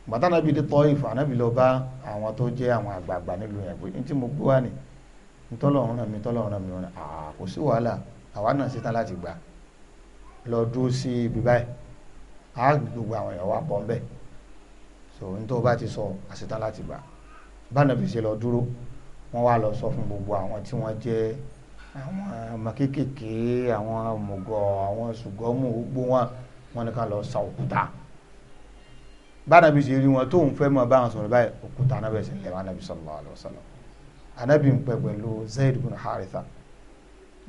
gbàtànàbí di Taif ànábì lọ bá àwọn tó jẹ́ àwọn àgbààgbà nílùú yẹn pé ní tí mo gbé wá ni ntọ́lọ́run náà mi tọ́lọ́run náà mi wọn àà kò sí wàhálà àwa náà ṣetán láti gbà lọ dúró sí ibi báyìí á gbogbo àwọn èèyàn wa pọ̀ ń bẹ̀ so nítorí o bá ti sọ àṣetán láti gbà bánàbí ṣe lọ dúró wọ́n wá lọ sọ fún gbogbo àwọn tí wọ́n jẹ́ àwọn ọmọ kéékèèké àwọn mọ̀gọ́ àwọn ṣùgọ́mù gbogbo wọn wọn ni ká lọ sa òkúta bánabi ṣe rí wọn tóun fẹ́ mọ báwọn sọ̀rọ̀ báyìí òkúta anabi ẹsẹ̀ lẹ́wọ̀n anabi sallallahu alaihi wasallam anabi ń pẹ́ pẹ̀lú Zaid bin Haritha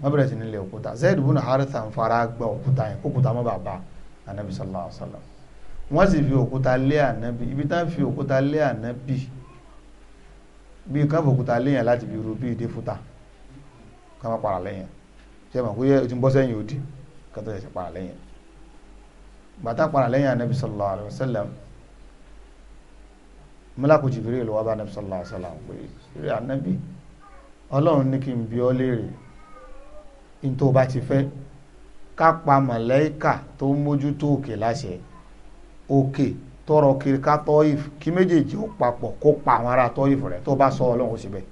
wọ́n bẹ̀rẹ̀ sí nílẹ̀ òkúta Zaid bin Haritha ń fara gba òkúta yẹn òkúta mọ́ bàbá anabi sallallahu alaihi wasallam wọ́n sì fi òkúta lé anabi ibi tá fi òkúta lé anabi bíi káfọ òkúta lé yẹn láti fi ru bíi dé fúta káfọ lẹ́yìn gbàtà para lẹ́yìn anabi sallallahu alaihi mọ́lákù Jibril lọ́wọ́ bá nàbí sallallahu alaihi wasallam pé rẹ̀ ànábì ọlọ́run ní kí n bi ọ́ léèrè ní tó bá ti fẹ́ ká pa màláíkà tó ń mójútó òkè láṣẹ òkè tọrọ kiri ká tọ́yìf kí méjèèjì ó papọ̀ kó pa àwọn ará tọ́yìf rẹ̀ tó bá sọ ọlọ́run síbẹ̀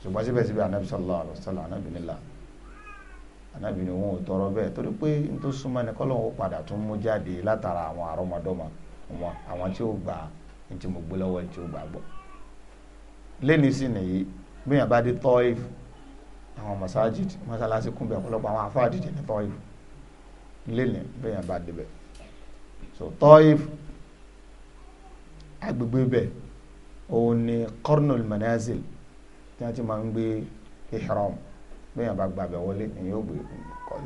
ṣùgbọ́n síbẹ̀síbẹ̀ anabi sallallahu alaihi wasallam anabi nílà anabi ni wọn ò tọrọ bẹ́ẹ̀ torí pé n tó súnmọ́ ni kọ́lọ́run ó padà tún mú jáde látara àwọn àrọ́mọdọ́mọ àwọn tí ó gbà á ní tí mo gbé lọ́wọ́ ní tí ó gbàgbọ́ lẹ́ni sì nìyí bíyàn bá dé tọ́ìf àwọn masajid masalasi kúnbẹ̀ ọ̀pọ̀lọpọ̀ àwọn afá àdìjẹ ní tọ́ìf lẹ́ni bíyàn bá débẹ̀ so tọ́ìf agbègbè bẹ̀ òun ni kọ́rnul manazil tí wọ́n ti máa ń gbé ihram bíyàn bá gbàbẹ̀ wọlé èyí ó gbé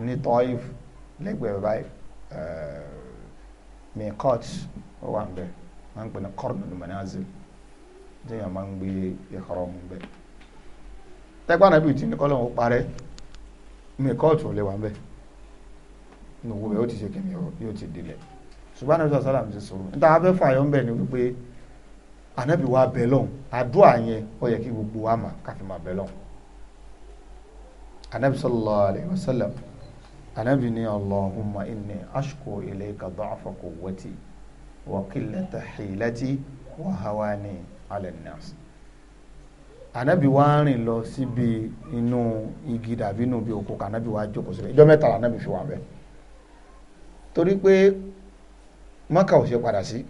ní tọ́ìf lẹ́gbẹ̀ẹ́ báyìí eh, mẹ́kọ́t ó wà ń bẹ́ẹ̀ máa ń pè ní qarnul manazil téèyàn máa ń gbé ìkọ̀rọ̀ mu bẹ́ẹ̀ tẹ́gbà náà bìí tí ní kọ́lọ́hún ó parẹ́ mi kóòtù ò lè wà bẹ́ẹ̀ ní owó bẹ́ẹ̀ ó ti ṣe kìnìún yóò ti dilẹ̀ ṣùgbọ́n àná sọ́sọ́ làmì ti sọ̀rọ̀ níta afẹ́ fààyàn bẹ́ẹ̀ ni wípé ànábì wa bẹ̀ lọ́hùn àdúrà yẹn ó yẹ kí gbogbo wa mà káfí máa bẹ̀ lọ́hùn ànábì sallallahu alayhi wa sallam ànábì ní allahumma inni ashku ilayka da'fa quwwati wa qillata hilati wa hawani ala nnas anabi wa rìn lọ síbi inú igi dàbí inú bí oko kanabi wa jókòó síbẹ̀ ìjọ mẹ́ta anabi fi wà bẹ́ẹ̀ torí pé maka ò ṣe padà sí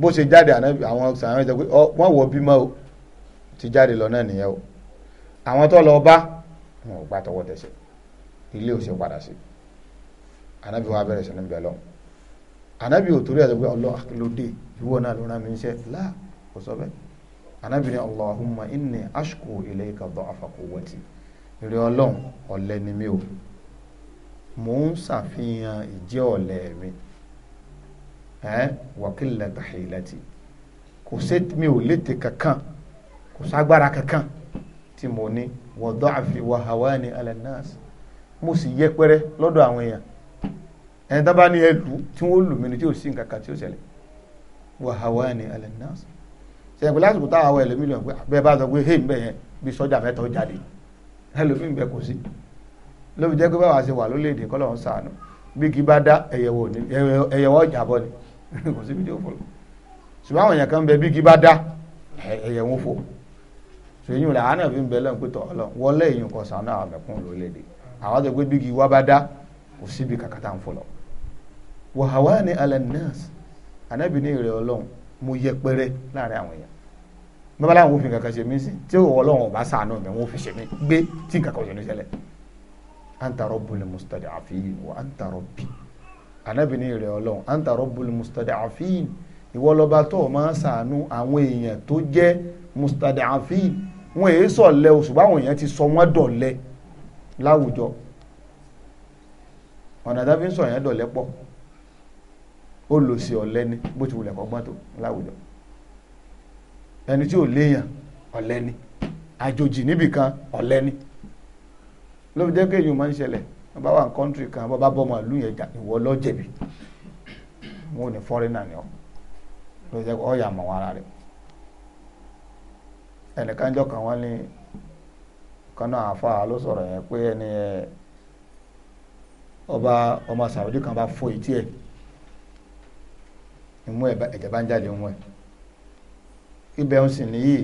bó ṣe jáde anabi àwọn sàmì sọ pé wọ́n wọ bímọ o ti jáde lọ náà nìyẹn o àwọn tó lọ bá wọn ò gbà tọwọ́ tẹsẹ̀ ilé ò ṣe padà sí anabi wa bẹ̀rẹ̀ sí ní ànábì ò torí àtọ́gbé ọlọ́ àkìlódé ah, ìwọ náà ló rán mi níṣẹ́ láà kò sọ bẹ́ẹ̀ ànábì ní Allahumma inni ashku ilayka dha'fa quwwati ìrẹ́ ọlọ́run ọ̀lẹ ni mi ò mò ń ṣàfihàn ìjẹ́ ọ̀lẹ mi ẹ́ wa qillata hilati kò sí mi ò létè kankan kò ságbára kankan tí mo ní wa dha'fi wa hawani ala nas mo sì yẹpẹrẹ lọ́dọ̀ àwọn èèyàn ẹni tó bá ní ẹlù tí wọ́n lù mí ni tí ò sí nǹkan kan tí ó ṣẹlẹ̀ wàhálà ni alẹ́ náà ṣe pé lásìkò táwọn àwọn ẹlòmíì lọ pé abẹ́ ah, bá sọ pé hey mbẹ́ yẹn bí sọ́jà mẹ́ta ó jáde ẹlòmíì mbẹ́ kò sí ló fi pé báwa ṣe wà lóléèdè kọ́lọ̀ ń sàánú bí kì í bá dá ẹ̀yẹ̀wò ní ẹ̀yẹ̀wò ọjà bọ́ ni kò síbi tí ó fọlọ́ ṣùgbọ́n àwọn èèyàn kan ń bẹ bí kì í bá dá ẹ̀yẹ̀wò fò ṣèyí rẹ̀ àánà fi ń bẹ lọ́n pé tọ̀ ọlọ́ wọlé èèyàn kan sàánú àwọn mẹ̀kún lóléèdè àwọn tó pé bí kì í wá bá dá kò síbi kàkàtà ń fọlọ́ wàháwá ni alan nas anábì ní ìrẹ̀ ọlọ́run mo yẹpẹrẹ láàrin àwọn èèyàn bàbá làwọn òfin kankan ṣe mí sí tí òwò ọlọ́run ọba sàánú mi wọn òfin ṣe mí gbé tí nǹkan kan ṣe ní ṣẹlẹ̀ anta rabbul mustada'afin wa anta rabbi anábì ní ìrẹ̀ ọlọ́run anta rabbul mustada'afin ìwọ lọba tó o máa sàánú àwọn èèyàn tó jẹ́ mustada'afin wọn èyí sọ̀lẹ̀ oṣù báwọn èèyàn ti sọ wọ́n dọ̀lẹ láwùjọ ọ̀nà tá ń sọ èèyàn dọ̀lẹ pọ̀ ó lò sí ọ̀lẹ ni bó ti wulẹ̀ kọ́gbọ́n tó láwùjọ ẹni tí ò léèyàn ọ̀lẹ àjòjì kan ló fi jẹ́ pé èyí máa ń ṣẹlẹ̀ bàbá wà ní kọ́ńtírì kan bàbá bọ́ ọmọ ìlú yẹn jà ìwọ ló wọn ò ní ni ọ ọba ọmọ sàwọ́dí kan bá fọ etí imú ẹ̀jẹ̀ bá ń jáde ń wẹ̀ ibẹ̀ ń sìn níyì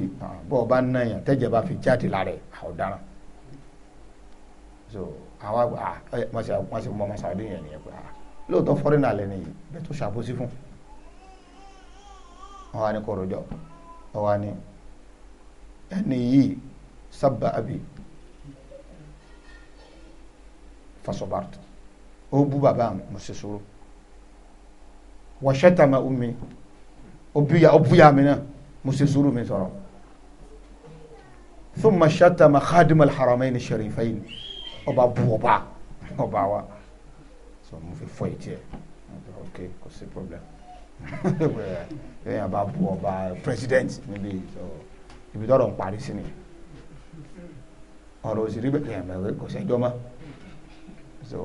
bọ́ ọ ń náyàn tẹ́jẹ̀ bá fi jáde lára ẹ̀ ọ̀daràn so àwa wọ́n sì mọ ọmọ sàwọ́dí yẹn nìyẹn pé lóòótọ́ fọ́rínà lẹ́nu yìí bẹ́ẹ̀ tó ṣàbòsí fún wọn wá ní kò wọn wá ní ẹni yìí sábà àbí fasobart ó bú bàbá mi mo ṣe sùúrù wàṣẹtàmà omi òbúyà òbúyà mi náà mo ṣe sùúrù mi sọ̀rọ̀ thumma ṣẹtàmà khadimal haramaini sharifaini ọba bu ọba ọba wa so mo fi fọ etí ẹ ok kò sí problem yẹn bá bu ọba president níbi ibi tọrọ ń parí sí ni ọ̀rọ̀ òsì rí bẹ́ẹ̀ yẹn bá wẹ kò sí ẹjọ́ mọ́ so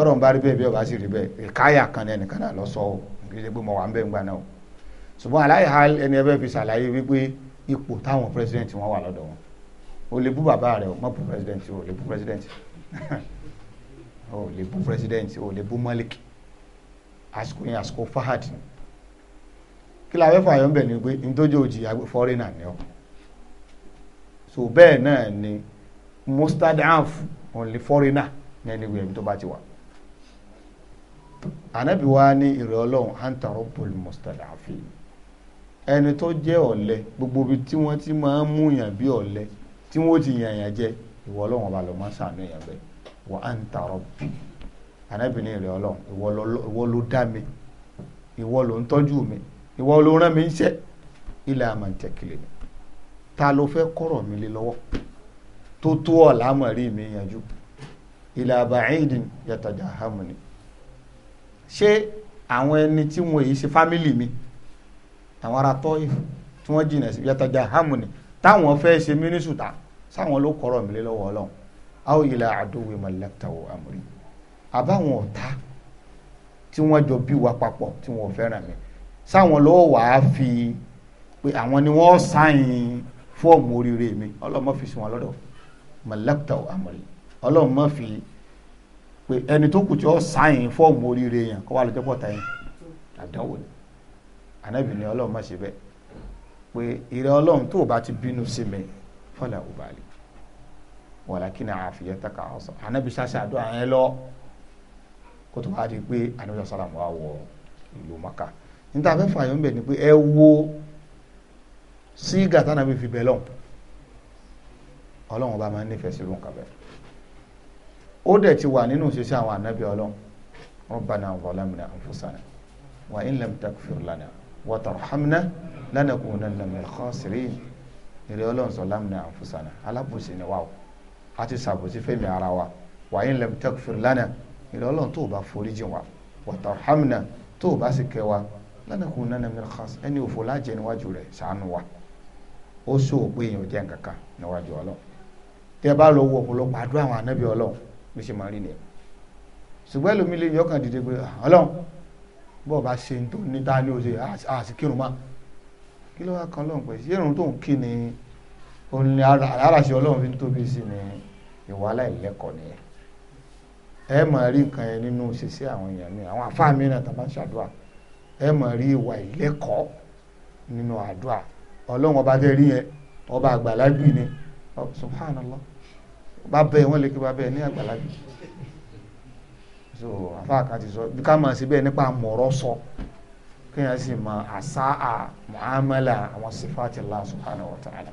tọ́rọ̀ ń bá rí bẹ́ẹ̀ bí ọba sì rí bẹ́ẹ̀ ìkáyà kan ní ẹnìkan náà lọ sọ ọ́ kì í ṣe pé mo wà ń bẹ́ẹ̀ gbà náà o ṣùgbọ́n aláìha ẹni ẹbẹ́ fi ṣàlàyé wípé ipò táwọn president wọn wà lọ́dọ̀ wọn o lè bú bàbá rẹ o má bú president o lè bú president o lè bú president o lè bú Malik àsìkò yẹn àsìkò Fahad kí la fẹ́ fààyàn bẹ̀ ni pé ntójú òjì fọ́rínà ni ọ so bẹ́ẹ̀ náà ni mustadaf òun lè fọ́rínà ní ẹni wíwẹ̀ tó bá ti wà anabi wa ní ìrẹ̀ ọlọ́run anta rabbul mustada'afin ẹni tó jẹ́ ọ̀lẹ gbogbo ibi tí wọ́n ti máa ń mú yàn bí ọ̀lẹ tí wọ́n ti yàn yàn jẹ ìwọ ọlọ́run ọba ló máa ń sàánú yàn bẹ́ẹ̀ wa anta rabbi anabi ní ìrẹ̀ ọlọ́run ìwọ ló dá mi ìwọ ló ń tọ́jú mi ìwọ ló rán mi ń ṣe ilẹ̀ àmọ̀ǹtẹ̀kìlẹ̀ mi ta ló fẹ́ kọ́rọ̀ mi lé lọ́wọ́ tó tó ọ̀làmọ̀rí mi yànjú ilẹ̀ àbáyédìn yàtàjà hàmùnì ṣé àwọn ẹni tí wọn èyí ṣe fámìlì mi àwọn ará tọ́ tí wọ́n jìnà sí yàtọ̀jà harmony táwọn fẹ́ ṣe mínísùtà sáwọn ló kọ́rọ̀ mi lé lọ́wọ́ ọlọ́run àwọn ìlà àdówé mọ̀lẹ́tàwọ̀ àmúrí àbáwọn ọ̀tá tí wọ́n jọ bí wa papọ̀ tí wọ́n fẹ́ràn mi sáwọn ló wàá fi pé àwọn ni wọ́n sáyìn fọ́ọ̀mù oríire mi ọlọ́run má fi sí wọn lọ́dọ̀ mọ̀lẹ́tàwọ̀ àmúrí ọlọ́run má fi pé ẹni tó kù tí ó sáyìn fọ́ọ̀mù oríire yẹn kó wà lọ́jọ́ pọ̀ táyìn àdánwò ni ànábì ni ọlọ́run má ṣe bẹ́ẹ̀ pé ìrẹ ọlọ́run tó bá ti bínú sí mi fọlá ò bá lè wàlákì àfihàn taka ọsàn ànábì ṣáṣà àdúrà yẹn lọ kó tó wá di pé ànábì sàlámù wà wọ ìlú maka níta fẹ́ fààyàn ń bẹ̀ ni pé ẹ wo sí gàtánà bí fi bẹ̀ lọ́hùn ọlọ́run ọba máa ń nífẹ̀ẹ́ sí irú nǹkan ó dẹ̀ ti wà nínú ṣiṣẹ́ àwọn ànábì ọlọ́run rabbana zalamna anfusana wa in lam takfir lana wa tarhamna lanakunanna minal khasirin ìrẹ́ ọlọ́run zalamna anfusana alábòsí ni wà ó a ti ṣàbòsí fẹ́mi ara wa wa in lam takfir lana ìrẹ́ ọlọ́run tó o bá foríjì wa wa tarhamna tó o bá sì kẹ́ wa lanakunanna minal khasirin ẹni òfò lájẹ níwájú rẹ̀ ṣàánú wa ó sọ òpin èèyàn jẹ́ níwájú ọlọ́run tẹ́ bá lọ wọ ọ̀pọ̀lọpọ̀ àdúrà àwọn ànábì ọlọ́run bí ṣe máa rí nìyẹn ṣùgbọ́n ẹlòmí lè yọkàn dìde pé ah, ọlọ́run bọ́ ọba ṣe tó níta ní oṣù àti kírun má kí ló wá kan ọlọ́run pẹ̀ sí èrùn tó ń kí ni òun ni aláṣẹ ọlọ́run fi ń tóbi sí ni ìwà aláìlẹ́kọ̀ọ́ nìyẹn ẹ máa rí nǹkan yẹn nínú ṣíṣe àwọn èèyàn mi àwọn àfáà mi náà tàbá ṣàdúrà ẹ máa rí ìwà ìlẹ́kọ̀ọ́ nínú àdúrà ọlọ́run ọba tẹ́ rí yẹn ọba àgbàlagbì ni subhanallah bàbá ẹ̀ wọ́n lè kí bàbá ẹ̀ ní àgbàlagbà so àfáà kan ti sọ bí ká máa ṣe bẹ́ẹ̀ nípa àmọ̀rọ̀ sọ kéèyàn sì mọ àṣà à muamala àwọn sifati Allah subhanahu wa ta'ala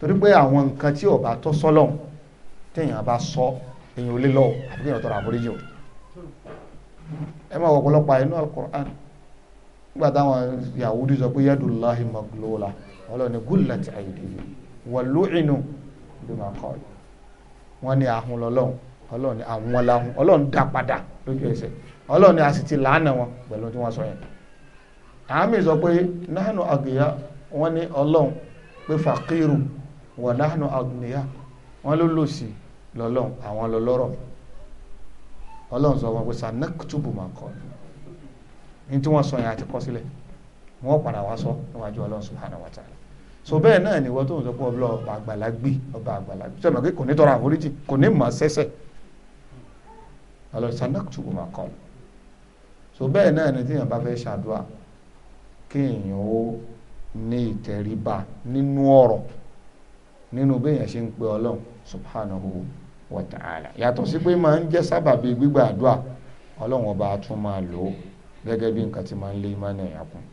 torí pé àwọn nǹkan tí ọba tó sọlọ́n téèyàn bá sọ èèyàn ò lè lọ àbí kéèyàn tọrọ àforíjì o ẹ máa wọ ọ̀pọ̀lọpọ̀ àyẹnú alukur'an nígbà táwọn Yahudi sọ pé yadullahi maglula ọlọ́ni gúlẹ̀ tí a bímọ akọọlù wọn ní ahun lọ́lọ́run Ọlọ́run ni àwọn làhùn Ọlọ́run dá padà lójú ẹsẹ̀ Ọlọ́run ní a sì ti làánà wọn pẹ̀lú tí wọn sọ yẹn àmì sọ pé nahnu agniya wọn ní Ọlọ́run pé fakiru wa nahnu agniya wọn ló lò sí lọ́lọ́run àwọn lọ́lọ́rọ̀ Ọlọ́run sọ wọn pé sanaktubu ma qalu ní tí wọn sọ yẹn àti kọ sílẹ̀ wọn padà wá sọ níwájú Ọlọ́run subhanahu wa so bẹ́ẹ̀ náà ni wọ́n tó ń sọ pé ọba àgbàlagbé ọba àgbàlagbé sọ̀rọ̀ pé kò ní tọrọ àforíjì kò ní mọ̀ sẹ́sẹ̀ alọ́ sanaktu ma kọ́ so bẹ́ẹ̀ náà ni tíyàn bá fẹ́ ṣàdúrà kéèyàn ó ní ìtẹríba nínú ọ̀rọ̀ nínú béèyàn ṣe ń pe ọlọ́run subhanahu wa ta'ala yàtọ̀ sí pé máa ń jẹ́ sábàbí gbígbà àdúrà ọlọ́run ọba tún máa lò ó gẹ́gẹ́ bí nǹkan tí máa ń lé ìmánì ẹ̀yà kún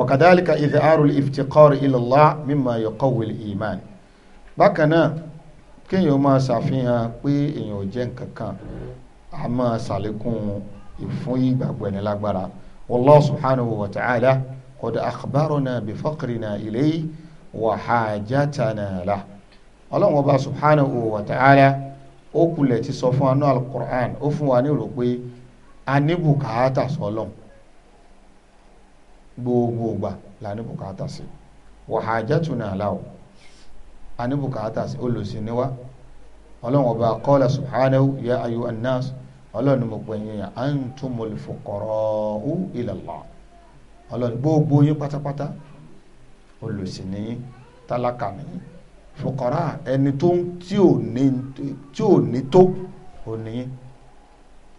wakadalika ìdàrú ìfìtìkọ́rì ilallah mimma yaqawwi al-iman bákan náà kéèyàn máa ṣàfihàn pé èèyàn ò jẹ́ nǹkan kan a máa ṣàlékún ìfún ìgbàgbọ́ ẹni lágbára wallahu subhanahu wa ta'ala qad akhbarana bi faqrina ilayhi wa hajatana lah ọlọ́run ọba subhanahu wa ta'ala ó kulẹ̀ ti sọ fún anú al-Qur'an ó fún wa ní rò pé a ní bùkátà sọlọ́run gbogbo ìgbà la ní bùkátà sí wa hajatuna lahu a ní bùkátà sí olùsìníwá ọlọ́run ọba qala subhanahu ya ayu annas ọlọ́run mo pè yín antumul fuqara'u ila Allah ọlọ́run gbogbo yín pátápátá olùsìní tálákà nìyí fuqara ẹni tó tí ò ní tó ò ní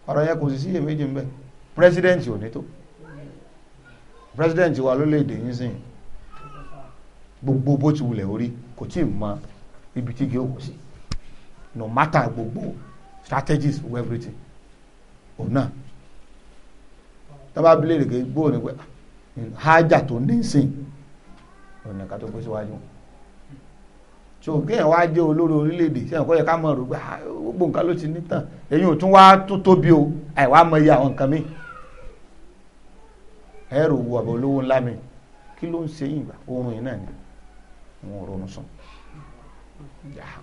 ọ̀rọ̀ yẹn kò sì sí iyèméjì ń bẹ pírẹsidẹ́ǹtì ò ní tó president wa ló lè dè yín sìn gbogbo bó ti wulẹ̀ orí kò tí ì mọ ibi tí gíò kò sí no matter gbogbo strategies gbogbo everything òun náà tábà bílẹ̀ èdè gbóò ní pé hájà ah, tó ní sìn ọ̀nà ká tó gbé síwájú so kéèyàn wá jẹ́ olórí orílẹ̀-èdè sẹ́yìn kọ́ yẹ ká mọ̀ rò pé ah, gbogbo nǹkan ló ti ní tàn èyí ò tún wá tó tóbi o àìwá mọ iye àwọn nǹkan mìíràn ẹrù wo àbọ̀ olówó ńlá mi kí ló ń ṣe yìí gbà oorun yìí náà ni wọn ò ronú sùn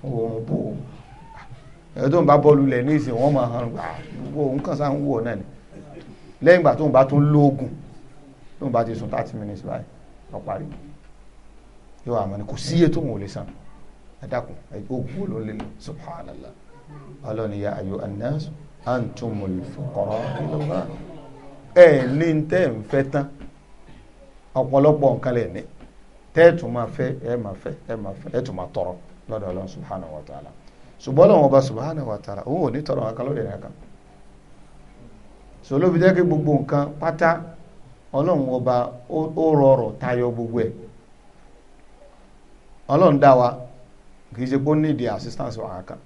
oorun bò ó ẹ̀rọ tó ń bá bọ́ọ̀lù lẹ̀ ní ìsìn wọn máa hàn gbà òun ah, kàn sáà ń wò náà ni lẹ́yìn ìgbà tó ń bá tún lóògùn tó ń bá ti sùn thirty minutes báyìí wọ́n parí yóò wà mọ́ ni kò síye tó ń wò lè sàn ẹ dákun oògùn ló ń lè lò subhanallah ọlọ́ni ya ayo anas antumul fuqara ilallah. e ni tẹ́ ń fẹ́ tán ọ̀pọ̀lọpọ̀ nǹkan lè ní máa fẹ́ ẹ̀ máa fẹ́ ẹ̀ máa fẹ́ ẹ̀ máa tọrọ lọ́dọ̀ ọlọ́run subhanahu wa ta'ala ṣùgbọ́n ọlọ́run ọba subhanahu wa ta'ala òun ò ní gbogbo nǹkan pátá ọlọ́run ọba ó rọrọ̀ tayọ gbogbo ẹ̀ ọlọ́run wa kì í ṣe pé ó ní ìdí assistance kan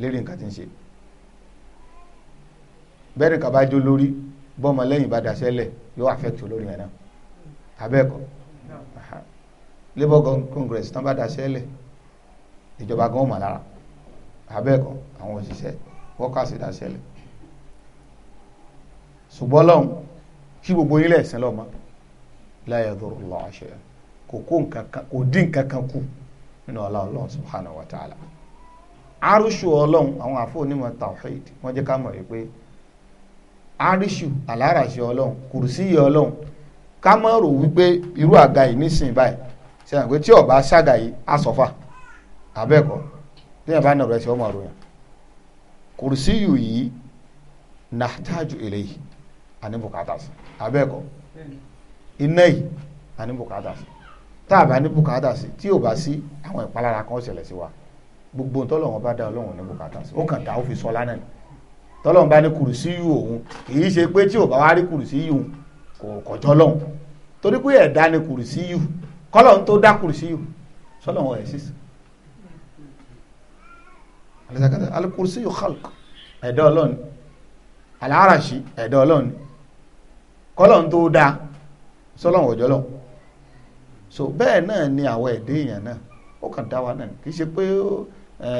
lérí nǹkan tí bọ́mọ lẹ́yìn bá daṣẹ́lẹ̀ yóò affect olórí yẹn náà abẹ́ẹ̀kọ́ labour congress tán bá daṣẹ́lẹ̀ ìjọba gan mọ̀ lára abẹ́ẹ̀kọ́ àwọn òṣìṣẹ́ workers daṣẹ́lẹ̀ ṣùgbọ́n lọ́hùn kí gbogbo ilẹ̀ ẹ̀sìn lọ́mọ la yadurullahu shay'a kò kó nǹkan kan kò dín nǹkan kan kù nínú ọlọ́run subhanahu wa ta'ala arúṣù ọlọ́run àwọn àfọ onímọ̀ tawhid wọ́n jẹ́ ká mọ̀ yìí àríṣù aláràṣẹ ọlọ́run kùrùsí yìí ọlọ́run ká má rò wípé irú àga yìí nísìnyí báyìí ṣe àgbẹ̀ tí ọba ṣàgà yìí àsọ̀fà àbẹ́ẹ̀kọ́ tí yẹn bá nàrọ̀ ẹ̀ṣẹ̀ ọmọ àròyìn kùrùsí yìí yìí nàtájú eléyìí àníbùkátà sí àbẹ́ẹ̀kọ́ iná yìí àníbùkátà sí tá a bá níbùkátà sí tí ò sí àwọn ìpalára kan ṣẹlẹ̀ sí wa gbogbo ntọ́lọ́wọ́n bá dá ọlọ́run níbùkátà sí ó kàn dá ó fi sọ lánàá tọ́lọ́n bá ní kùrùsí yù òun kì í ṣe pé tí ò bá wá rí kùrùsí yù kò kọjọ́ lọ́hùn torí pé ẹ̀dá ni kùrùsí yù kọ́lọ́n tó dá kùrùsí yù sọ́lọ́n ọ̀ ẹ̀ sísè alikùrùsí yù khalq ẹ̀dá ọlọ́ni aláràṣí ẹ̀dá ọlọ́ni kọ́lọ́n tó dá sọ́lọ́n ọ̀jọ́ lọ́hùn so bẹ́ẹ̀ náà ni àwọn ẹ̀dá èèyàn náà ó kàn dá wa náà kì í ṣe pé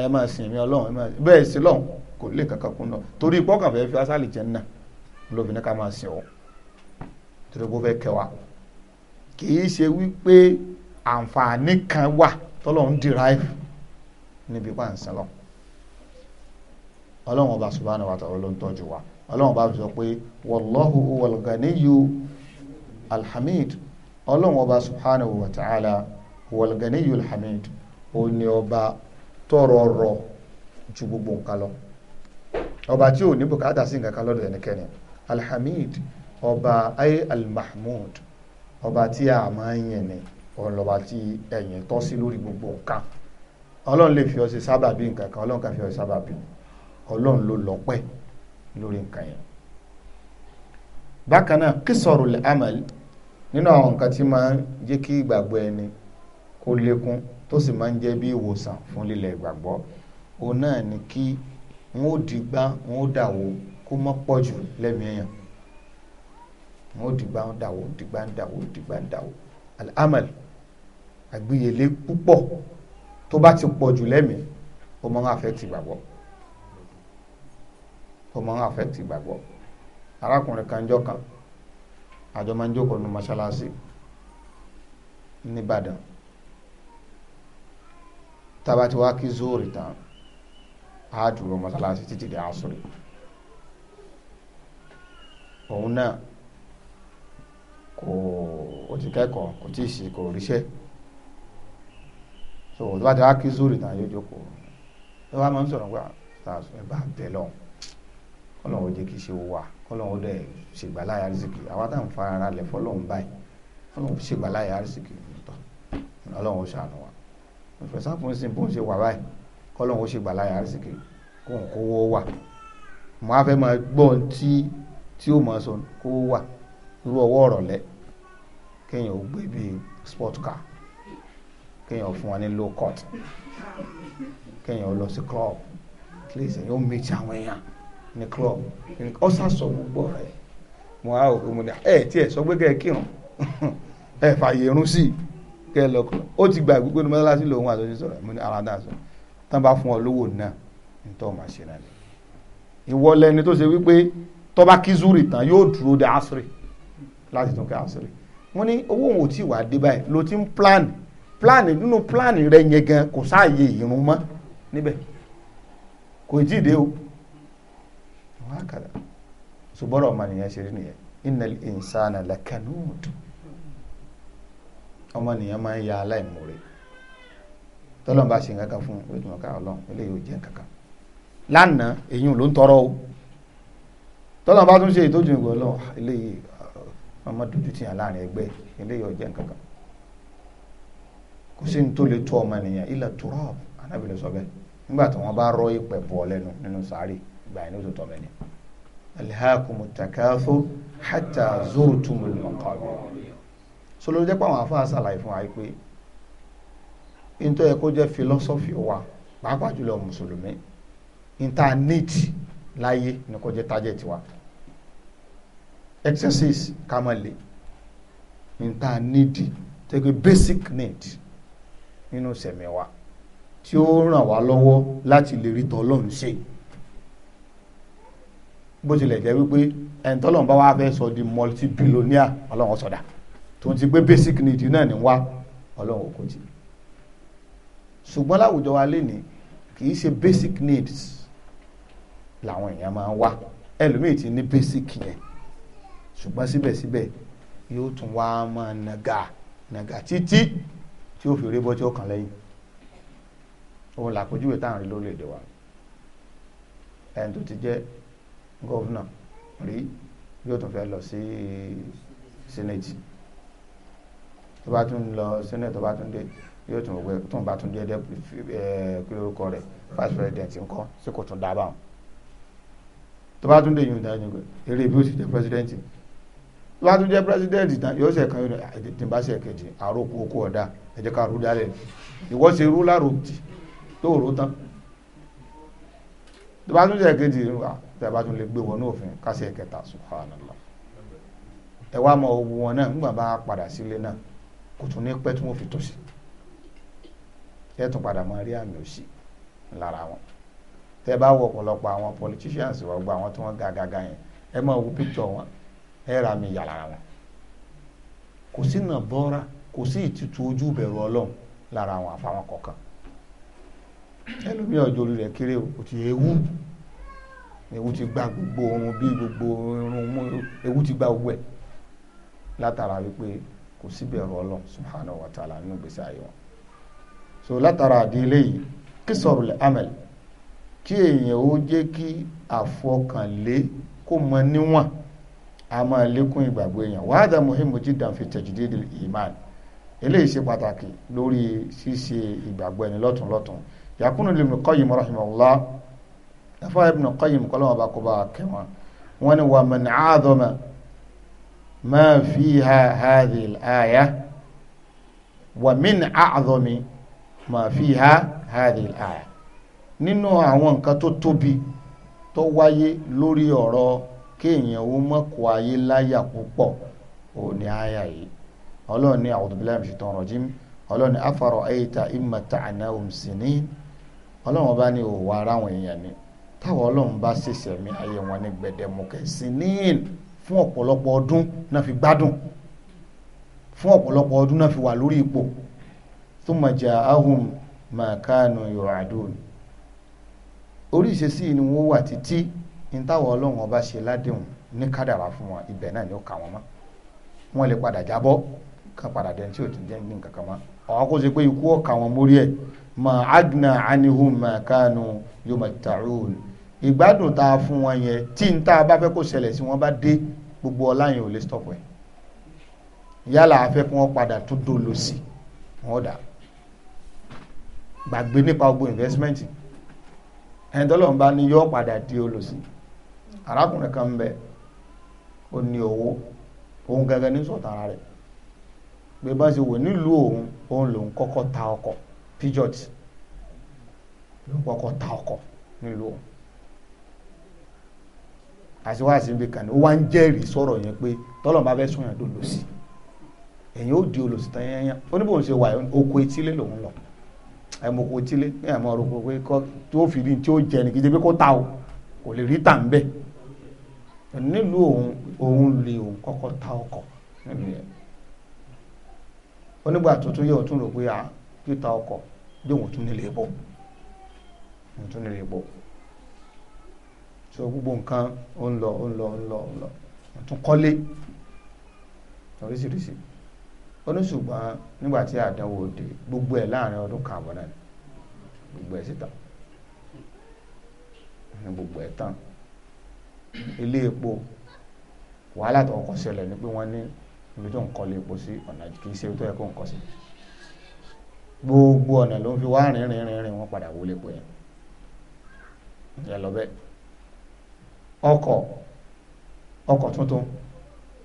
ẹ máa sìn mí ọlọ́run ẹ máa bẹ́ẹ̀ sí lọ́hùn kò lè kankan kún náà torí pọ́kàn fẹ́ fi asálì jẹ́ náà lóbi ní ká máa sìn ọ́ torí pé ó fẹ́ kẹwàá kì í ṣe wípé àǹfààní kan wà tọ́lọ̀ ń derive níbi pa ǹsán lọ ọlọ́run ọba subhanahu wa ta'ala ló ń tọ́jú wa ọlọ́run ọba sọ pé wallahu huwal alhamid ọlọ́run ọba subhanahu wa ta'ala huwal alhamid ó ní ọba tọrọ rọ ju gbogbo nǹkan lọ ọba tí ò ní bùkátà sí nǹkan kan lọ́dọ̀ ẹnikẹ́ni alhamid ọba ayé almahmud ọba tí a máa ń yìn ni ọlọ́ba tí ẹ̀yìn tọ́ sí lórí gbogbo nǹkan ọlọ́run lè fi ọ sí sábàbí nǹkan kan ọlọ́run kan fi ọ sí sábàbí ọlọ́run ló lọ́pẹ́ lórí nǹkan yẹn bákan náà kísọ̀rọ̀ lè amal nínú àwọn nǹkan tí máa ń jẹ́ kí ìgbàgbọ́ ẹni kó lékún tó sì máa ń jẹ́ bí ìwòsàn fún lílẹ̀ ìgbàgbọ́ òun náà ni kí wọn ó dìgbà wọn ó dàwó kó mọ́ pọ̀ jù lẹ́mìí èèyàn wọn ó dìgbà ń dàwó dìgbà ń dàwó dìgbà ń dàwó al-amal àgbéyẹlé púpọ̀ tó bá ti pọ̀ jù lẹ́mìí ó mọ́ ń affect ìgbàgbọ́ ó mọ́ ń affect ìgbàgbọ́ arákùnrin kan jọ kan àjọ máa ń jókòó nu mọ́ṣáláṣí nìbàdàn tá a kí zóòrì tán a dúró mọ́sálásí títí di àsùrì òun náà kò ó ti kẹ́kọ̀ọ́ kò tí ì sí kò ríṣẹ́ so tó bá ti wá kí zúrì náà yóò jókòó ẹ wá máa ń sọ̀rọ̀ nípa ṣàṣù ẹ bá bẹ̀ lọ́hùn kọ́lọ́hún ó jẹ́ kí ṣe wà kọ́lọ́hún ó dẹ̀ ṣègbàláyà rìsìkì àwa táwọn fara lẹ̀ fọ́lọ́hún báyìí kọ́lọ́hún ṣègbàláyà rìsìkì ọlọ́hún ó ṣàánú wa ìfẹ̀sàfún sí bó ń ṣe wà báyìí kọ́lọ́hún ó ṣe gbàláyà àrísìkì kóhùn kówó wà mo á fẹ́ máa gbọ́ tí tí ó máa sọ kówó wà irú ọwọ́ ọ̀rọ̀ kéèyàn ó gbé bíi sport car kéèyàn fún wa ní low cut kéèyàn ó lọ sí club please èyàn ó meet àwọn èèyàn ní club ó sàsọ gbogbo rẹ mo á òkè mo ní ẹ tiẹ̀ sọ pé kẹ́ ẹ kírun ẹ fààyè irun sí kẹ́ ẹ lọ kúrò ó ti gbà gbogbo ní mọ́tàlásí lòun àtọ́jú sọ̀rọ̀ mo ní ara sọ̀rọ̀ tán bá fún ọ lówó náà nítorí ọmọ àṣẹ náà ni ìwọ lẹni tó ṣe wípé tó bá tán yóò dúró de asiri láti tún kí asiri wọn ní owó òun ò tí wàá dé báyìí ló ti ń plan plan nínú plan rẹ yẹn gan kò sáàyè ìrún mọ́ níbẹ̀ kò tí ì dé o ṣùgbọ́n ọmọ nìyẹn ṣe rí nìyẹn innal insana lakanud ọmọ nìyẹn máa ń ya aláìmoore tọ́lọ́n bá ṣe nǹkan fún un ìtumọ̀ ká ah, ọlọ́run eléyìí ò jẹ́ nǹkan kan lánàá èyí ló ń tọrọ o tọ́lọ́n bá tún ṣe ìtọ́jú ìgbọ̀ ọlọ́run ọmọ dúdú tìyàn láàrin ẹgbẹ́ eléyìí ò jẹ́ nǹkan kò sí ní tó tó ọmọ ènìyàn ilẹ̀ tùrọ̀ anábìlẹ̀ sọ nígbà tí wọ́n bá rọ ìpẹ̀ bọ̀ lẹ́nu nínú sàárè ìgbà yẹn ló tó tọ́mọ ènìyàn alihaakumu takaafu hatta zurtumul maqabir sọlọ́jọ́ pé àwọn afáàsà láì fún wa pé nítorí ẹ kó jẹ́ philosophy wa pàápàá jùlọ mùsùlùmí níta need láyé ni kó jẹ́ target wa exercise ká má le níta basic need nínú sẹ̀mí wa tí ó ràn wá lọ́wọ́ láti lè rí tọ́lọ́run ṣe bó tilẹ̀ jẹ́ wípé ẹni tọ́lọ́run bá wá fẹ́ sọ di multi billionaire ọlọ́run sọ̀dà tó ń ti gbé basic need náà ní wá ọlọ́run kò tí ṣùgbọ́n láwùjọ wa lénìí kì í ṣe basic needs làwọn èèyàn máa ń wá ẹlòmíì ti ní basic yẹn ṣùgbọ́n síbẹ̀síbẹ̀ yóò tún wá máa nàgà nàgà títí tí ó fi rí bọ́ tí ó kàn lẹ́yìn òun làpèjúwe táwọn rí lórílẹ̀‐èdè wa ẹni tó ti jẹ́ gọ́vnà rí yóò tún fẹ́ lọ sí sẹ́nẹ̀tì tó bá tún lọ sẹ́nẹ̀tì tó bá tún dé yóò tún wọ́pẹ́ tóun bá tún déédé kí lórúkọ rẹ̀ vice president ńkọ́ sí kò tún dábàá wọn tó bá tún dé yìí dájú pé eré bí ó ti jẹ́ president tó bá tún jẹ́ president náà yóò ṣe kan tí n bá ṣe kejì àròkù oko ọ̀dà ẹ̀jẹ̀ ká rú dálẹ̀ ìwọ ṣe rú láàrò tì tó rò tán tó bá tún ṣe kejì tí bá tún lè gbé wọnú òfin ká ṣe kẹta ẹ wá mọ owó wọn náà nígbà bá padà sílé náà kò tún ní pẹ́ tí wọ́n fi tó sí tẹ́tùn padà mọ́ rí àmì òṣì lára wọn tẹ́ bá wọ ọ̀pọ̀lọpọ̀ àwọn politicians wọ́n gba àwọn tí wọ́n ga gaga yẹn ẹ máa wo picture wọn ẹ ra mi yà lára wọn kò sí nà bọ́ra kò sí ìtutù ojú bẹ̀rù ọlọ́run lára àwọn àfàwọn kọ̀ọ̀kan ẹlòmíràn ojú orí rẹ̀ kéré o ti ewu ewu ti gba gbogbo orun bí gbogbo irun ewu ti gba owó ẹ̀ látara wípé kò sí ọlọ́run subhanahu wa ta'ala nínú ìgbésí ayé wọn so látara àdílé yìí kí sọ̀rọ̀ lè amẹ̀l kí èèyàn ó jẹ́ kí àfọkànlé kó mọ níwọ̀n a máa lékún ìgbàgbọ́ èèyàn wàhádà muhimu jiddan fi tajdid al-iman eléyìí ṣe pàtàkì lórí ṣíṣe ìgbàgbọ́ ẹni lọ́tún lọ́tún yakunu lè Qayyim rahimahullah afa Ibn Qayyim kọ́lọ́mọ̀ bá kó bá kẹwọn wọn ni wà man 'adhama ma fiha hadhihi al-aya wa min a'dhami ma fiha hadhihi al-aya nínú àwọn nǹkan tó tóbi tó wáyé lórí ọ̀rọ̀ kéèyàn ó mọ́kọ ayé láyà púpọ̀ ò ní àyà yìí ọlọ́run ní a'udhu billahi minash shaitanir rajim ọlọ́run ní afara'ayta in matta'nahum sinin ọlọ́run bá ní òwò ara àwọn èèyàn ni táwọn ọlọ́run bá ṣẹ̀ṣẹ̀ mi ayé wọn ní gbẹdẹmukẹ sinin fún ọ̀pọ̀lọpọ̀ ọdún náà fi gbádùn fún ọ̀pọ̀lọpọ̀ ọdún náà fi wà lórí ipò thumma ja'ahum ma kanu yu'adun orí ìṣesí ni wọ́n wà títí ní táwọn ọlọ́run ọba ṣe ládéhùn ní kádàrá fún wọn ibẹ̀ náà ni ó kà wọ́n mọ́ wọ́n lè padà jábọ́ kan padà dẹni tí ò ti dẹni nǹkan kan mọ́ àwọn kó ṣe pé ikú ọ̀kà wọn mórí ẹ̀ ma adna anihum ma kanu yumatta'un ìgbádùn tá a fún wọn yẹn tí n tá a bá fẹ́ kó ṣẹlẹ̀ sí wọn bá dé gbogbo ọlá yẹn ò lè stop ẹ̀ yálà a kí wọ́n padà tún dolo sí wọn dà gbàgbé nípa gbogbo investment ẹni tọ́lọ́run bá ní yóò padà di olùsí arákùnrin kan ń bẹ ó ní owó òun gangan ní sọ̀tàn ara rẹ̀ pé bá ṣe wò nílùú òun òun lòun kọ́kọ́ ta ọkọ̀ pijot lòun kọ́kọ́ ta ọkọ̀ nílùú òun àṣewáṣe bí kàní ó ń jẹ́rìí sọ̀rọ̀ yẹn pé tọ́lọ̀ bá fẹ́ tó lò sí ó di olùsìtàn yẹn yẹn ó ní bóun ṣe wà oko etílé lòun lọ àìmọ̀kò tílé ní àìmọ̀ ọ̀rọ̀ pé kọ́ tí fi rí tí ó jẹ ní kí kó ta o kò lè rí tà ń bẹ̀ nílùú òun òun lè òun kọ́kọ́ ta ọkọ̀ nílùú yẹn onígbà tuntun yóò tún rò pé à títa ọkọ̀ yóò tún nílé bọ̀ òun tún nílé bọ̀ so gbogbo nǹkan ó ń lọ ó ń lọ ó ń lọ ó ń lọ òun tún kọ́lé oríṣiríṣi ó ní ṣùgbọ́n nígbà tí àdánwò dé gbogbo ẹ̀ láàrin ọdún kan àbọ̀ náà gbogbo ẹ̀ sì tán gbogbo ẹ̀ tán ilé epo wàhálà tó kọ́ ṣẹlẹ̀ ni pé wọ́n ní ibi tó ń kọ́ lé epo sí ọ̀nà kì í ṣe ibi tó yẹ kó ń kọ́ sí gbogbo ọ̀nà ló ń fi wá rìn rìn rìn rìn wọ́n padà wọlé epo yẹn yẹ lọ bẹ́ẹ̀ ọkọ̀ ọkọ̀ tuntun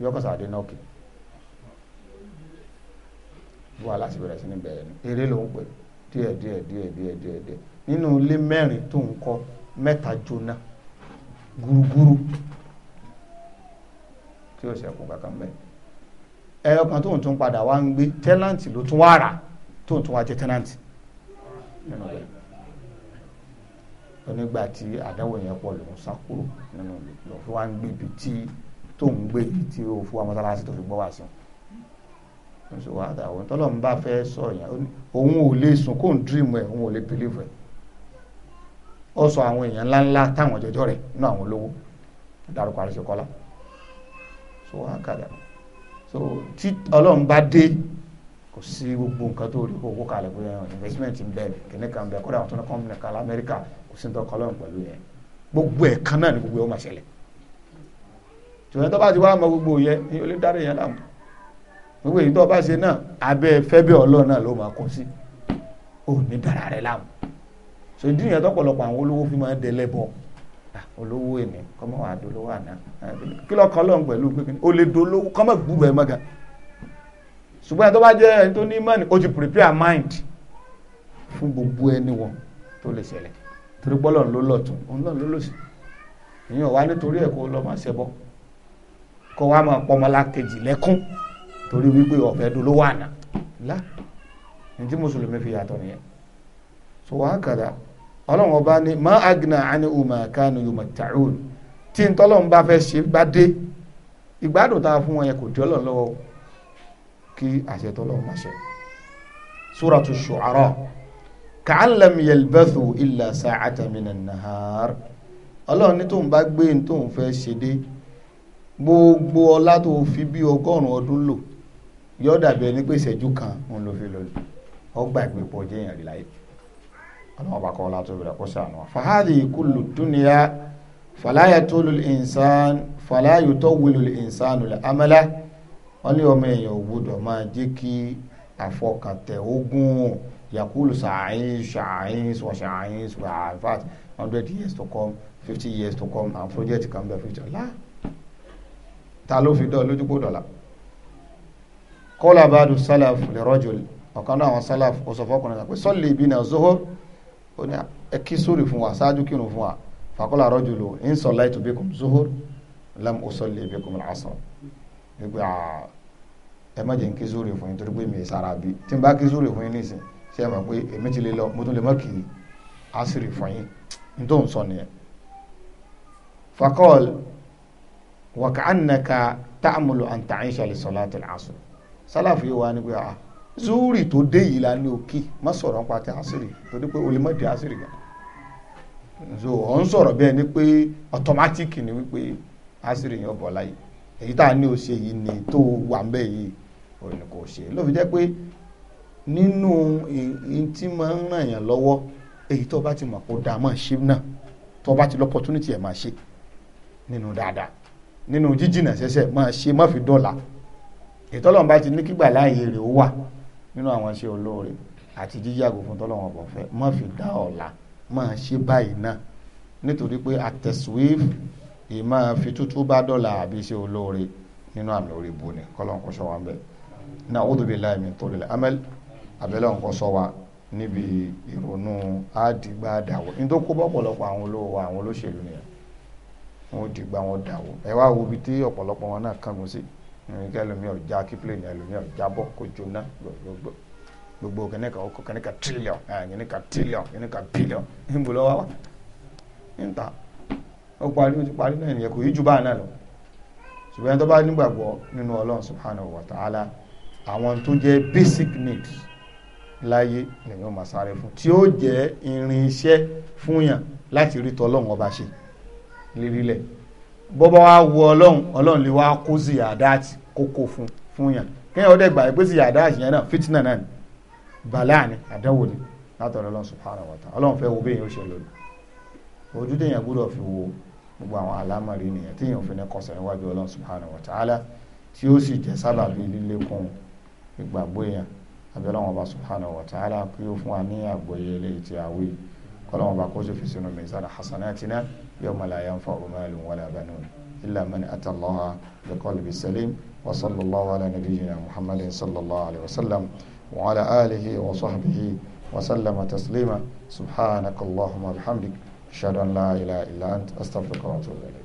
yọkọ̀ sàdé náà kìí bí wàhálà sì bẹ̀rẹ̀ sí ní bẹ̀rẹ̀ ni eré ló ń pè díẹ̀ díẹ̀ díẹ̀ díẹ̀ díẹ̀ díẹ̀ nínú ilé mẹ́rin tó ń kọ́ mẹ́ta jóná gúrúgúrú tí ó ṣẹ́kù kankan mẹ́ ẹyọ kan tó ń tún padà wá ń gbé tẹ́láǹtì ló tún wá rà tó ń tún wá jẹ́ tẹ́láǹtì nínú bẹ́ẹ̀ onígbà tí àdáwò yẹn pọ̀ lòún sá kúrò nínú lòún fi wá ń gbé ibi tí tó ń gbé tí ó fún wa mọ́sálásí tó fi gbọ́ wá sí ṣe wà dà òun tọ́lọ́run bá fẹ́ sọ yẹn òun ò lè sùn kóun dream ẹ̀ òun ò lè believe ẹ̀ ó sọ àwọn èèyàn ńláńlá táwọn jọjọ rẹ̀ nínú àwọn olówó dárúkọ àrẹsẹ kọ́lá so wà kàdà so tí ọlọ́run bá dé kò sí gbogbo nǹkan tó rí owó kalẹ̀ pé investment ń bẹ kìnìún kan bẹ kódà àwọn tó ní kọ́mìnì kan lamẹ́ríkà kò sí ní tọ́kọ ọlọ́run pẹ̀lú yẹn gbogbo ẹ̀ kan náà ni gbogbo ẹ̀ ó máa ṣẹlẹ̀ tòun tó bá ti wá mọ gbogbo yẹn ni olè dáre yẹn láàmú gbogbo èyí tó bá ṣe náà abẹ́ fẹ́bẹ́ ọlọ́run náà ló máa kó sí ò ní dára rẹ láàmú so ìdí ìyẹn tọ́pọ̀lọpọ̀ àwọn olówó fi máa ń dẹlẹ́bọ olówó èmi kọ́mọ wà dolówó àná kí lọ́kọ́ ọlọ́run pẹ̀lú pé o lè dolówó kọ́mọ gbúrú ẹ̀ mọ́ga ṣùgbọ́n tó bá jẹ́ ẹni tó ní mọ́ni o ti prepare mind fún gbogbo ẹni wọn tó lè ṣẹlẹ̀ torí pé ọlọ́run ló lọ́tún ọlọ́run ló lòsì ìyẹn wà nítorí ẹ̀ kó lọ́ máa ṣẹbọ kó wá máa pọmọlá kejì lẹ́kún torí wípé ọ̀fẹ́ dúró wà náà lá ní tí mùsùlùmí fi yàtọ̀ nìyẹn so wàá kàdà ọlọ́run ọba ní má agna ani uma kanu yuma ta'un tí n tọ́lọ́run bá fẹ́ ṣe bá dé ìgbádùn tá a fún wọn yẹn kò jọ́lọ̀ lọ́wọ́ kí àṣẹ tọ́lọ́run má ṣe suratu shu'ara ka'an lam yalbathu illa sa'ata minan nahar ọlọ́run ní tóun bá gbé ní tóun fẹ́ ṣe dé gbogbo ọlá tó fi bí ọgọ́rùn-ún ọdún lò yóò dàbí ẹni pé ìṣẹ́jú kan òun ló fi lò ó gbàgbé pọ̀ jẹ́ èèyàn rí láyé ọlọ́wọ́n bá kọ́ ọ́ látọ̀ rẹ̀ kó sànù wa. fahadi kullu dunya falaya tolu insan falayu tọ́wìlù insanu lẹ́ amala wọ́n ní ọmọ èèyàn ò gbọ́dọ̀ máa jẹ́ kí àfọkàtẹ̀ ogun yakulu sàáyín sàáyín sọ sàáyín sọ in hundred years to come fifty years to come and project kan bẹ fifty ọ̀la ta ló fi dọ́ lójú kó dọ̀la kọ́lá bàdù sálàf lè rọ́jò ọ̀kan náà àwọn sálàf ó sọ fọkùnrin kan pé sọ́ọ̀lì ibi náà zohor ó ní ẹ kí sórí fún wa ṣáájú kírun fún wa fàkọ́lá rọ́jò lò ń sọ láìtò bí kùm zohor lam ó sọ́ọ̀lì ibi kùm lásán wípé ẹ má jẹ́ ń kí sórí fún yín torí pé mi sára bí tí n bá kí sórí fún yín nísìn ṣé ẹ mọ̀ pé èmi ti lè lọ mo tún lè mọ̀ kì í asiri fún yín n tó ń sọ nìyẹn fakọ́l wàkànnàkà ta'amulu an ta'isha li salatil asr sálàfù yìí wà ní pé à ah, zúrì tó dé yìí la ní òkè má sọ̀rọ̀ nípa ti àṣírí torí pé o lè má di àṣírí gan so ọ̀ ń sọ̀rọ̀ bẹ́ẹ̀ ni pé ọ̀tọ́mátìkì ni wípé àṣírí yẹn bọ̀ láyé èyí tá a ní o ṣe yìí ni tó wà ń bẹ́ yìí òun ni kò ṣe ló fi jẹ́ pé nínú tí máa ń ràn yàn lọ́wọ́ èyí tó bá ti mọ̀ kó dáa máa ṣe náà tó bá ti l'opportunity ẹ̀ máa ṣe nínú dáadáa nínú jíjìnà ṣẹṣẹ máa ṣe má fi dọ́là ìtọ́lọ́run bá ti ní kígbà láàyè rẹ̀ ó wà nínú àwọn iṣẹ́ olóore àti jíjàgò fún tọ́lọ́run ọ̀bọ̀ fẹ́ má fi dá ọ̀la má ṣe báyìí náà nítorí pé àtẹ̀síwìf ìmọ̀ fi tútú bá dọ̀la àbí iṣẹ́ olóore nínú àmì orí bu ni kọ́lọ́n kó sọ wa bẹ́ẹ̀ ní a'udhu billahi min tolil amẹ́l abẹ́lẹ́wọ̀n kó sọ wa níbi ìrònú àdìgbà dàwọ̀ nítorí kó bọ́ àwọn olówó àwọn olóṣèlú nìyẹn wọn dìgbà wọn dàwọ̀ ẹ wá wo ibi tí ọ̀pọ̀lọpọ̀ wọn náà kángun sí i nǹkan ẹlòmíì ọ̀já kí plane ẹlòmíì ọ̀já bọ́ kó jóná gbogbo gbogbo kìnìkan ọkọ kìnìkan trillion kìnìkan trillion kìnìkan billion níbo lọ́wọ́ wa níta ó parí ó ti parí náà nìyẹn kò yí ju báà náà lọ ṣùgbọ́n ẹni tó bá nígbàgbọ́ nínú ọlọ́run subhanahu wa ta'ala àwọn tó jẹ́ basic needs láyé lèyìn ó máa sáré fún tí ó jẹ́ irinṣẹ́ fún yàn láti rí tọ́lọ́run ọba ṣe lérílẹ̀ bó bá wá wu ọlọ́run ọlọ́run lè wá kó ziyadat kókó fún fún yàn kéèyàn ó dẹ̀ gbà pé ziyadat yẹn náà fitna náà ni bàlá ni àdánwò ni látọ̀dọ̀ ọlọ́run subhanahu wa ta'ala ọlọ́run fẹ́ wo bẹ́ẹ̀ yóò ṣe lónìí ojú téèyàn gbúdọ̀ fi wo gbogbo àwọn àlámọ̀rí nìyẹn téèyàn fi ní kọsẹ̀ níwájú ọlọ́run subhanahu wa ta'ala tí ó sì jẹ́ sábàbí lílékún ìgbàgbọ́ èèyàn àbí ọlọ́run ọba subhanahu wa ta'ala kí ó fún wa ní àgbọ́yé eléyìí tí a wí kọ́lọ́run ọba kó sì fi sínú mizan hasanatina يوم لا ينفع مال ولا بنون إلا من أتى الله بقلب سليم وصلى الله على نبينا محمد صلى الله عليه وسلم وعلى آله وصحبه وسلم تسليما سبحانك اللهم وبحمدك أشهد أن لا إله إلا أنت أستغفرك وأتوب إليك